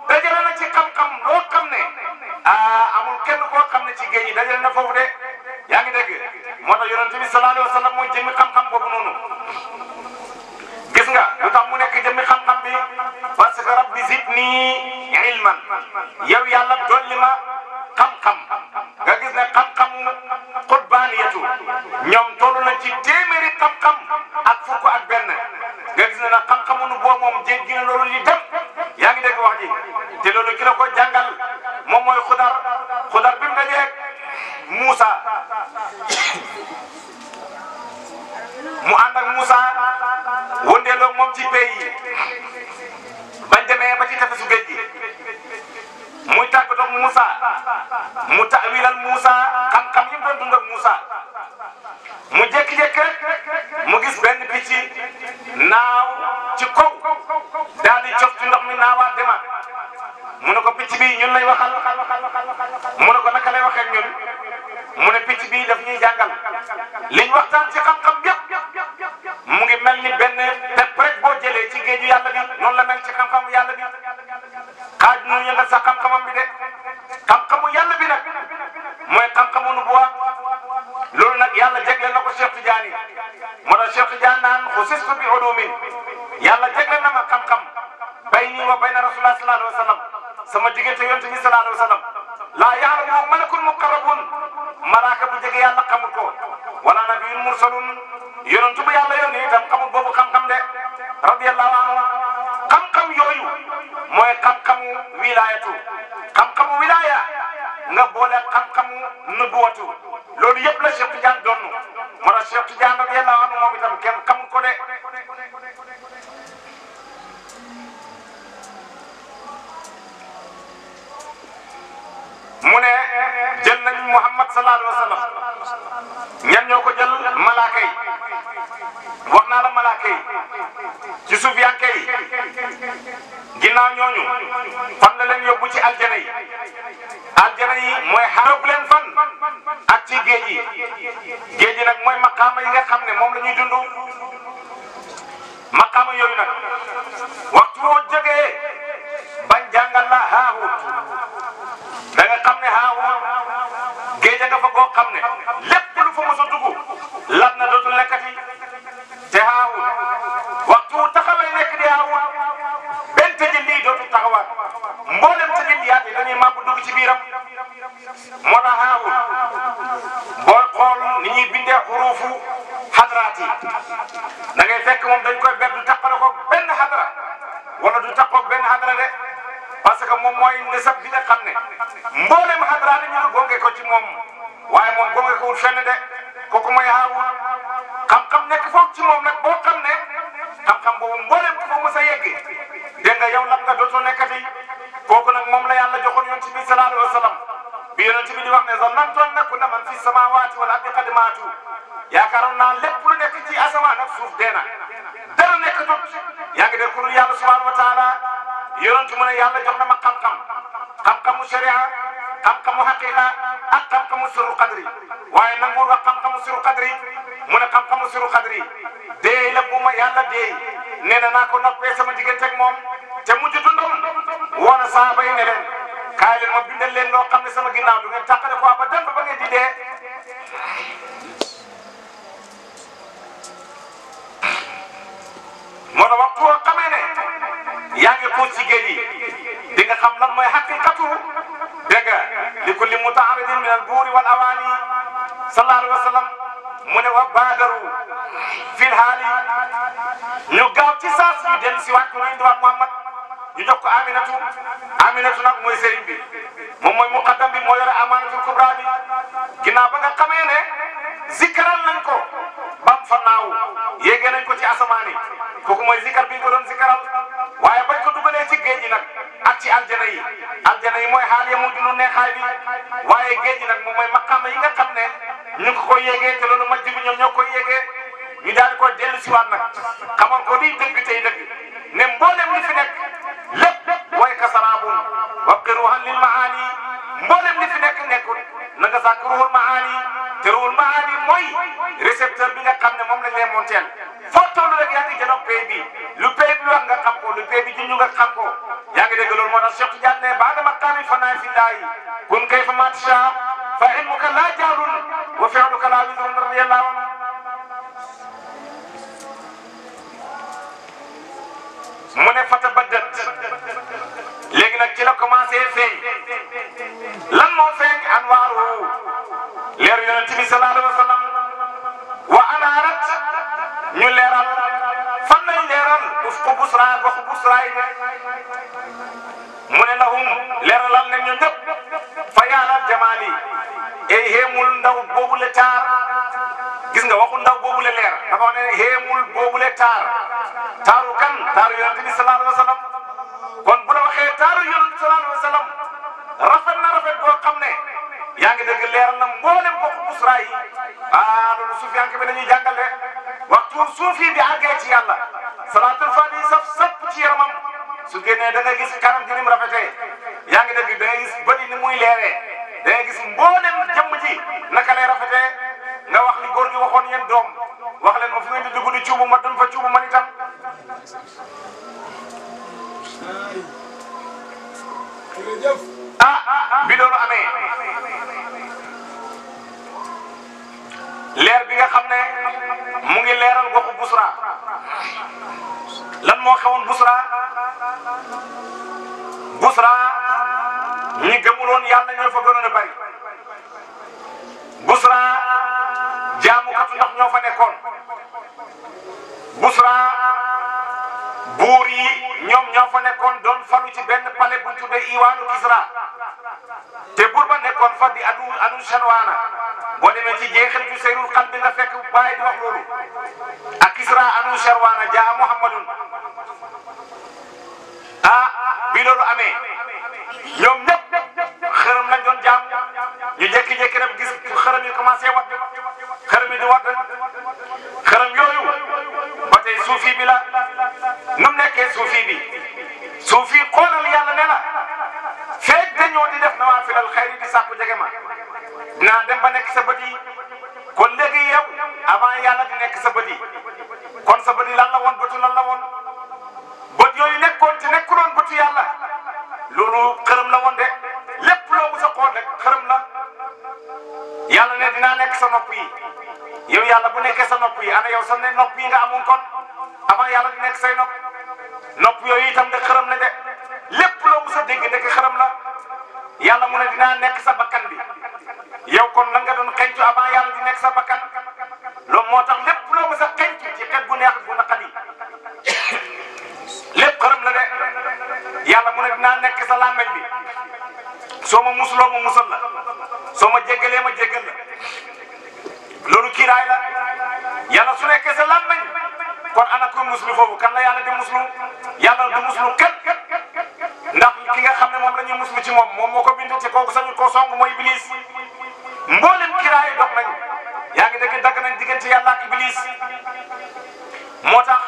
dajale na ci xam-xam loo xam ne ah amul kenn koo xam ne ci géej yi dajale na foofu de yaa ngi dégg moo tax yonent bi sallallahu alayhi wa sallam mooy jëmmi xam-xam boobu noonu gis nga lu tax mu nekk jëmmi xam-xam bi parce que rabbi zidni ilman yow yàlla dolli ma xam-xam nga gis ne xam-xam xutbaaniyatu ñoom toll na ci téeméeri xam-xam ak fukk ak benn xam-xamuñu boo moom jéggi na loolu li dem yaa ngi dégg wax ji te loolu ki ko jàngal moom mooy xudar xudar bi mu dajee Moussa mu ànd ak Moussa wëndeeloo moom ci pays yi bañ demee ba ci tefesu géej gi muy tàggatoo Moussa mu tawilal Moussa xam-xam yi mu doon dund ak Moussa mu jékki-jékki rek. mu ne ko naka lay waxee ñun mu ne picc bii daf ñuy jàngal liñ waxtaan ci xam-xam yëpp mu ngi mel ni benn pepp rek boo jëlee ci géeju yàlla bi noonu la mel ci xam-xamu yàlla bi xaaj nu yëngal sax xam-xamam bi de xam-xamu yàlla bi nag mooy xam-xamu nu bu waa loolu nag yàlla jagleel na ko Cheikh Tidiane moo tax na ma xam-xam bay wa bay na rasulullah sallallahu alayhi wa sallam sama diggante yonent bi sallallahu alayhi wa sallam laa yaalamu malakun muqarrabun malaaka bu jege yàlla xamul ko wala nabiyun mursalun yonent bu yàlla yónni itam xamul boobu xam-xam de radiyallahu anhu xam-xam yooyu mooy xam-xamu wilaayatu xam-xamu wilaaya nga boole xam-xamu nubuwatu loolu yëpp la Cheikh Tidiane doon moo tax Cheikh Tidiane radiyallahu anhu moom itam kenn xamul ko de. mu ne jël nañ Muhammad sallallahu alayhi wa sallam ñan ñoo ko jël malaaka yi wax naa la malaaka yi ci suuf yanke yi ginnaaw ñooñu fan la leen yóbbu ci aljana yi aljana yi mooy xarab leen fan ak ci géej yi géej yi nag mooy maqaama yi nga xam ne moom la ñuy dund maqaama yooyu nag waxtu woo jógee bañ jàngal la haahut xam ne xaawoo géej a nga fa goo xam ne lépp lu fa mos a dugg lan na dootul lekkati te xaawul waxtu wu taxawee nekk di xaawul benn tëjin lii dootul taxawaat mboolem tëjin yaat yi dañuy màbb dugg ci biiram moo tax xaawul booy xool ni ñuy bindee xuruufu xadraat yi da ngay fekk moom dañ koy benn du taxale ko benn xadra wala du tax ko benn xadra de parce que moom mooy nisab bi mboolem xadraani ñu gonge ko ci moom waaye moom gonge ko wut fenn de ko mooy Haaruna xam-xam nekk foofu ci moom nag boo xam ne xam-xam boobu mboolem ko fa mos a yegg dégg nga yow nag nga dootoo moom la yàlla joxoon yonent bi sallallahu alayhi wa bi yonent bi di wax ne zanantoon naku na man fi samaawaati wala ardi qad maatu yaakaaroon naa lépp lu nekk ci asamaan ak suuf dee na dara nekk tut yaa ngi ku dul yàlla subhaanahu wa taala yonent mu ne xaqiqa ak xam-xamu suru xadri waaye nanguwul wax xam-xamu suru xadri mu ne xam-xamu suru xadri dee la bu ma yàlla dee nee na naa ko noppee sama diggante ak moom te mujj dundam woon na saaba yi ne leen kaay leen ma bindal leen loo xam ne sama ginnaaw du ngeen tàqale ko ba dem ba ngeen di dee. moo tax waxtu woo xamee ne yaa ngi puus ci géej yi di nga xam lan mooy xaqiqatu dégg nga li kulli mutaaridin min al buuri wal awaani sallallahu alayhi wa sallam mu ne wa baadaru fil haali ñu gaaw ci saas ñu si waat ko ñu indiwaat Muhammad ñu jox ko Aminatu Aminatu nag mooy sëriñ bi moom mooy muqaddam bi moo yore amaanatul kubra bi ginnaaw ba nga zikaral nañ ko bam fa naaw yéegee nañ ko ci asamaan yi kooku mooy zikar bi ñu zikaral. waaye bañ ko dugalee ci géej gi nag ak ci aljana yi aljana yi mooy xaal ya mu junnoon neexaay bi waaye géej gi nag moom mooy maqaama yi nga xam ne ñu ko koy yéegee te loolu majj bi ñoom ñoo koy yéegee ñu daal di dellu si waat nag xamal ko liy dëgg tey dëgg ne mboolem li fi nekk lépp way kasaraabun waqiruhan lil maani mboolem li fi nekk nekkul na nga sàkk ruhul maani te ruhul maani mooy récepteur bi nga xam ne moom lañ lay monteel foo toll rek yaa ngi jënd ak pay bi lu pay bi wax nga xam ko lu pay bi junj nga xam ko yaa ngi dégg loolu moo tax Cheikh Tidiane ne baada maqaami fanaa fi laay kun kay fa maat saa fa ilmuka laa jaarun wa fi'luka laa wizrun radiyallahu anhu mu ne fata baddat léegi nag ci la commencé feeñ lan moo feeñ anwaaru leer yonent bi sallallahu alayhi wa sallam wa anaara ñu leeral fan lañ leeral usku busra gox busra yi mu ne lahum leeralal ne ñu ñëpp fa yaalal jamaali ey xéemul ndaw boobu le taar gis nga waxu ndaw boobu le leer dafa wax ne xéemul boobu le taar taaru kan taaru yonente bi sallallahu alayhi kon bu la waxee taaru yonente sallallahu alayhi wa sallam rafet na rafet boo xam ne yaa ngi dégg leeral na mboolem bokk busra yi ah loolu sufiyanke bi na ñuy jàngale waxtu suuf yi bi àggee ci yàlla salaatul fati saf sëpp ci yaramam su génnee da nga gis kanam gi ni mu rafetee yaa ngi dégg da nga gis bëri ni muy leeree da nga gis mboolem jëmm ji naka lay rafetee nga wax li góor gi waxoon yéen doom wax leen ma fu ngeen di dugg di cuubu ma dun fa cuubu man itam ah bi loolu amee leer bi nga xam ne mu ngi leeral goxu Busra lan moo xewoon Busra Busra ñi gëmuloon yàlla ñoo fa gënoon a bari Busra jaamu kat ndax ñoo fa nekkoon Busra. buur yi ñoom ñoo fa nekkoon doon falu ci benn palais bu ñu tuddee Iwaanu Kisra te buur ba nekkoon fa di anu anu Shanwaana boo demee ci jeexalitu seyrul xal bi nga fekk bàyyi di wax loolu ak Kisra anu Shanwaana jaa Muhammadun ah bi loolu amee ñoom ñëpp xërëm lañ doon jaam ñu jékki-jékki rek gis xërëm yi commencé wadd xërëm yi di wadd xërëm yooyu. tey suufi bi la nu mu nekkee suufi bi suufi xoolal yàlla ne la feeg dañoo di def na nawaafilal xayri di sàkku jege ma dinaa dem ba nekk sa bët yi kon léegi yow avant yàlla di nekk sa bët yi kon sa bët yi lan la woon bëtu lan la woon bët yooyu nekkoon te nekkuloon bëtu yàlla loolu xërëm la woon de lépp loo mës a xool rek xërëm la yàlla ne dinaa nekk sa nopp yow yàlla bu nekkee sa nopp yi ana yow sa ne nopp nga amoon kon avant yalla di nekk say nopp nopp yooyu itam de xaram la de lépp loo mus a dégg nekk xaram la yàlla mu ne dinaa nekk sa bakkan bi yow kon la nga doon xencu avant yàlla di nekk sa bakkan loolu moo tax lépp la mus a xencu ci xet bu neex bu naqari lépp xaram la de yàlla mu ne dinaa nekk sa làmmeñ bi soo ma musuloo ma musal la soo ma jéggalee ma jéggal loolu kiiraay la yàlla su nekkee sa làmmiñ kon ana ko muslu foofu kan la yàlla di muslu yàlla du muslu kenn ndax ki nga xam ne moom la ñuy muslu ci moom moom moo ko bind ci kooku sañul ko song mooy iblis mboolem kiiraay dox nañ yaa ngi dégg dagg nañ diggante yàlla ak iblis moo tax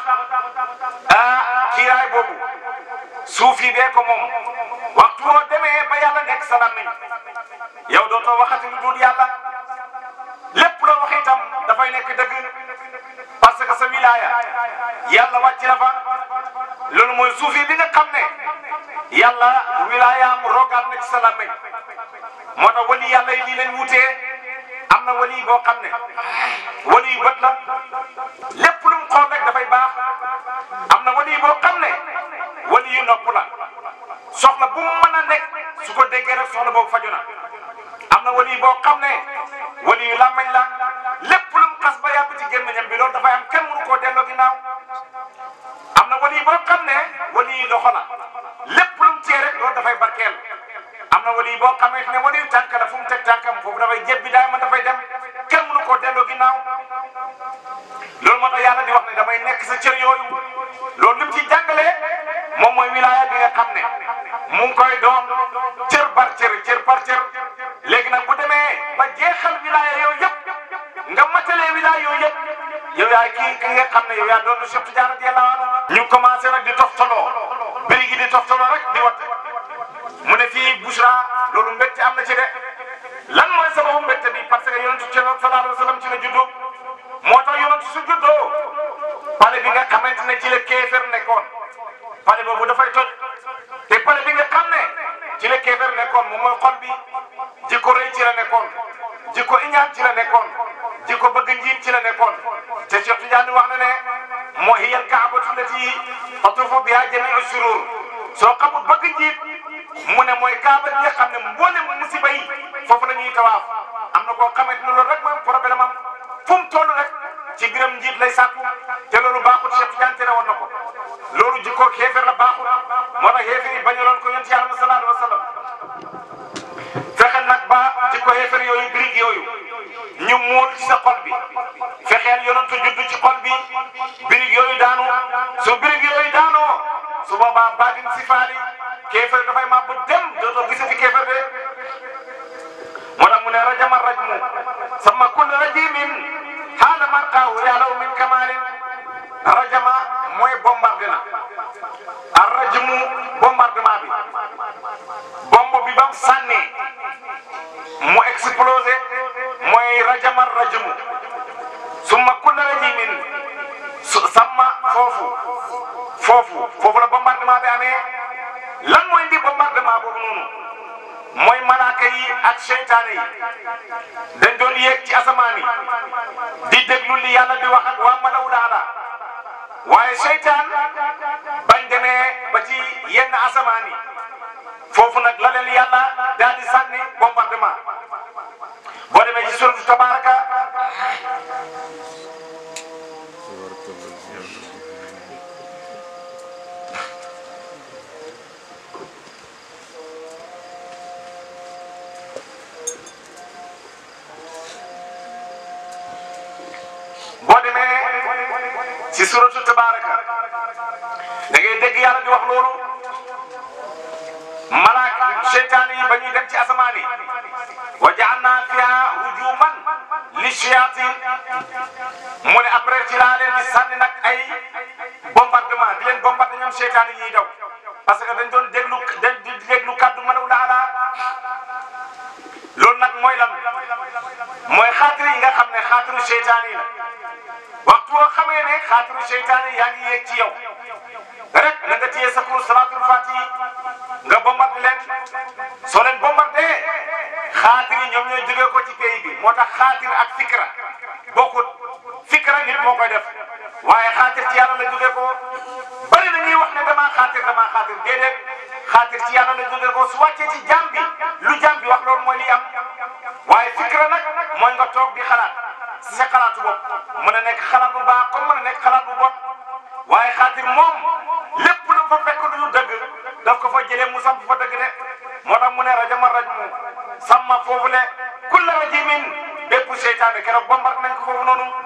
ah kiiraay boobu suuf yi bee ko moo waxtu woo demee ba yàlla nekk sa làmmiñ yow dootoo waxati yàlla wàcc na fa loolu mooy suufi bi nga xam ne yàlla wilaayaam rogaat na ci sa làmmiñ moo tax wali yàlla yi lii leen wutee am na wali boo xam ne wali bët la lépp lu mu xool rek dafay baax am na wali boo xam ne wali yu nopp la soxla bu mu mën a nekk su ko déggee rek soxla boobu faju na am na wali boo xam ne wali yu làmmiñ surur soo xamul bëgg njiit mu ne mooy kaaba bi nga xam ne mboolem musiba yi foofu la ñuy tawaaf ak seytaane yi dañ doon yéeg ci asamaan yi di deglu li yàlla di wax ak waa Malaw Daara waaye seytaan bañ demee ba ci yenn asamaan yi foofu nag la leen yàlla daal di sànni bombardement boo ci si suratu tabaraka da ngay dégg yàlla di wax loolu malaaka seytaane yi ba ñuy dem ci asamaan yi wa ja'alna fiha hujuman li shayatin mu ne après ci laa leen di sànni nag ay bombardement di leen bombardé ñoom seytaane yi ñuy daw parce que dañ doon déglu dañ di déglu kaddu manaw loolu nag mooy lan mooy xaatir boo xamee ne xaatiru seytaane yaa ngi yéeg ci yow rek na nga téye sa kuur salaatul fatihi nga bombat leen soo leen bombatee xaatir yi ñoom ñooy jógee ko ci bi moo tax xaatir ak fikra bokkut fikra nit moo koy def waaye xaatir ci yàlla la jógee ko bari na ñuy wax ne damaa xaatir ne xaatir déedéet xaatir ci yàlla la jógee ko su wàccee ci jàmm lu jàmm bi wax loolu mooy li am waaye fikra nag mooy nga toog di xalaat. sa xalaatu bopp mën a nekk xalaat bu baax comme nekk xalaat bu bon waaye xaatir moom lépp lu fa fekk lu ñu dëgg daf ko fa jëlee mu samp fa dëgg de moo tax mu ne rajama rajmu sàmma foofu le kulla rajimin bépp seytaane keroog bambar nañ ko foofu noonu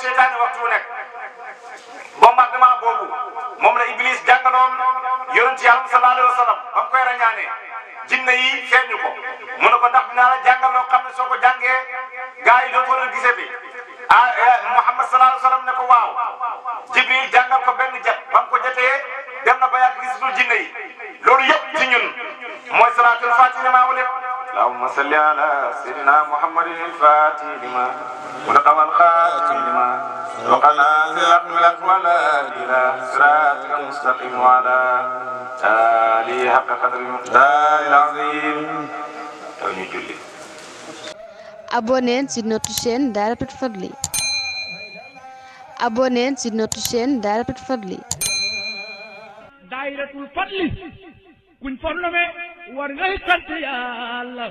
seetaane waxtu bu nekk أمره الفاتح لما ولقى والخاتم لما وقنا بالحق الأكمل إلى صراطك المستقيم وعلى آله حق قدر المقدار العظيم Abonnez sur notre chaîne Dahiratoul Fadly. Abonnez sur notre chaîne Dahiratoul Fadly. Dahiratoul Fadly kuñ formé war ngay sant Yàlla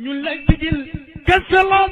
ñu nag di jël gëstu loo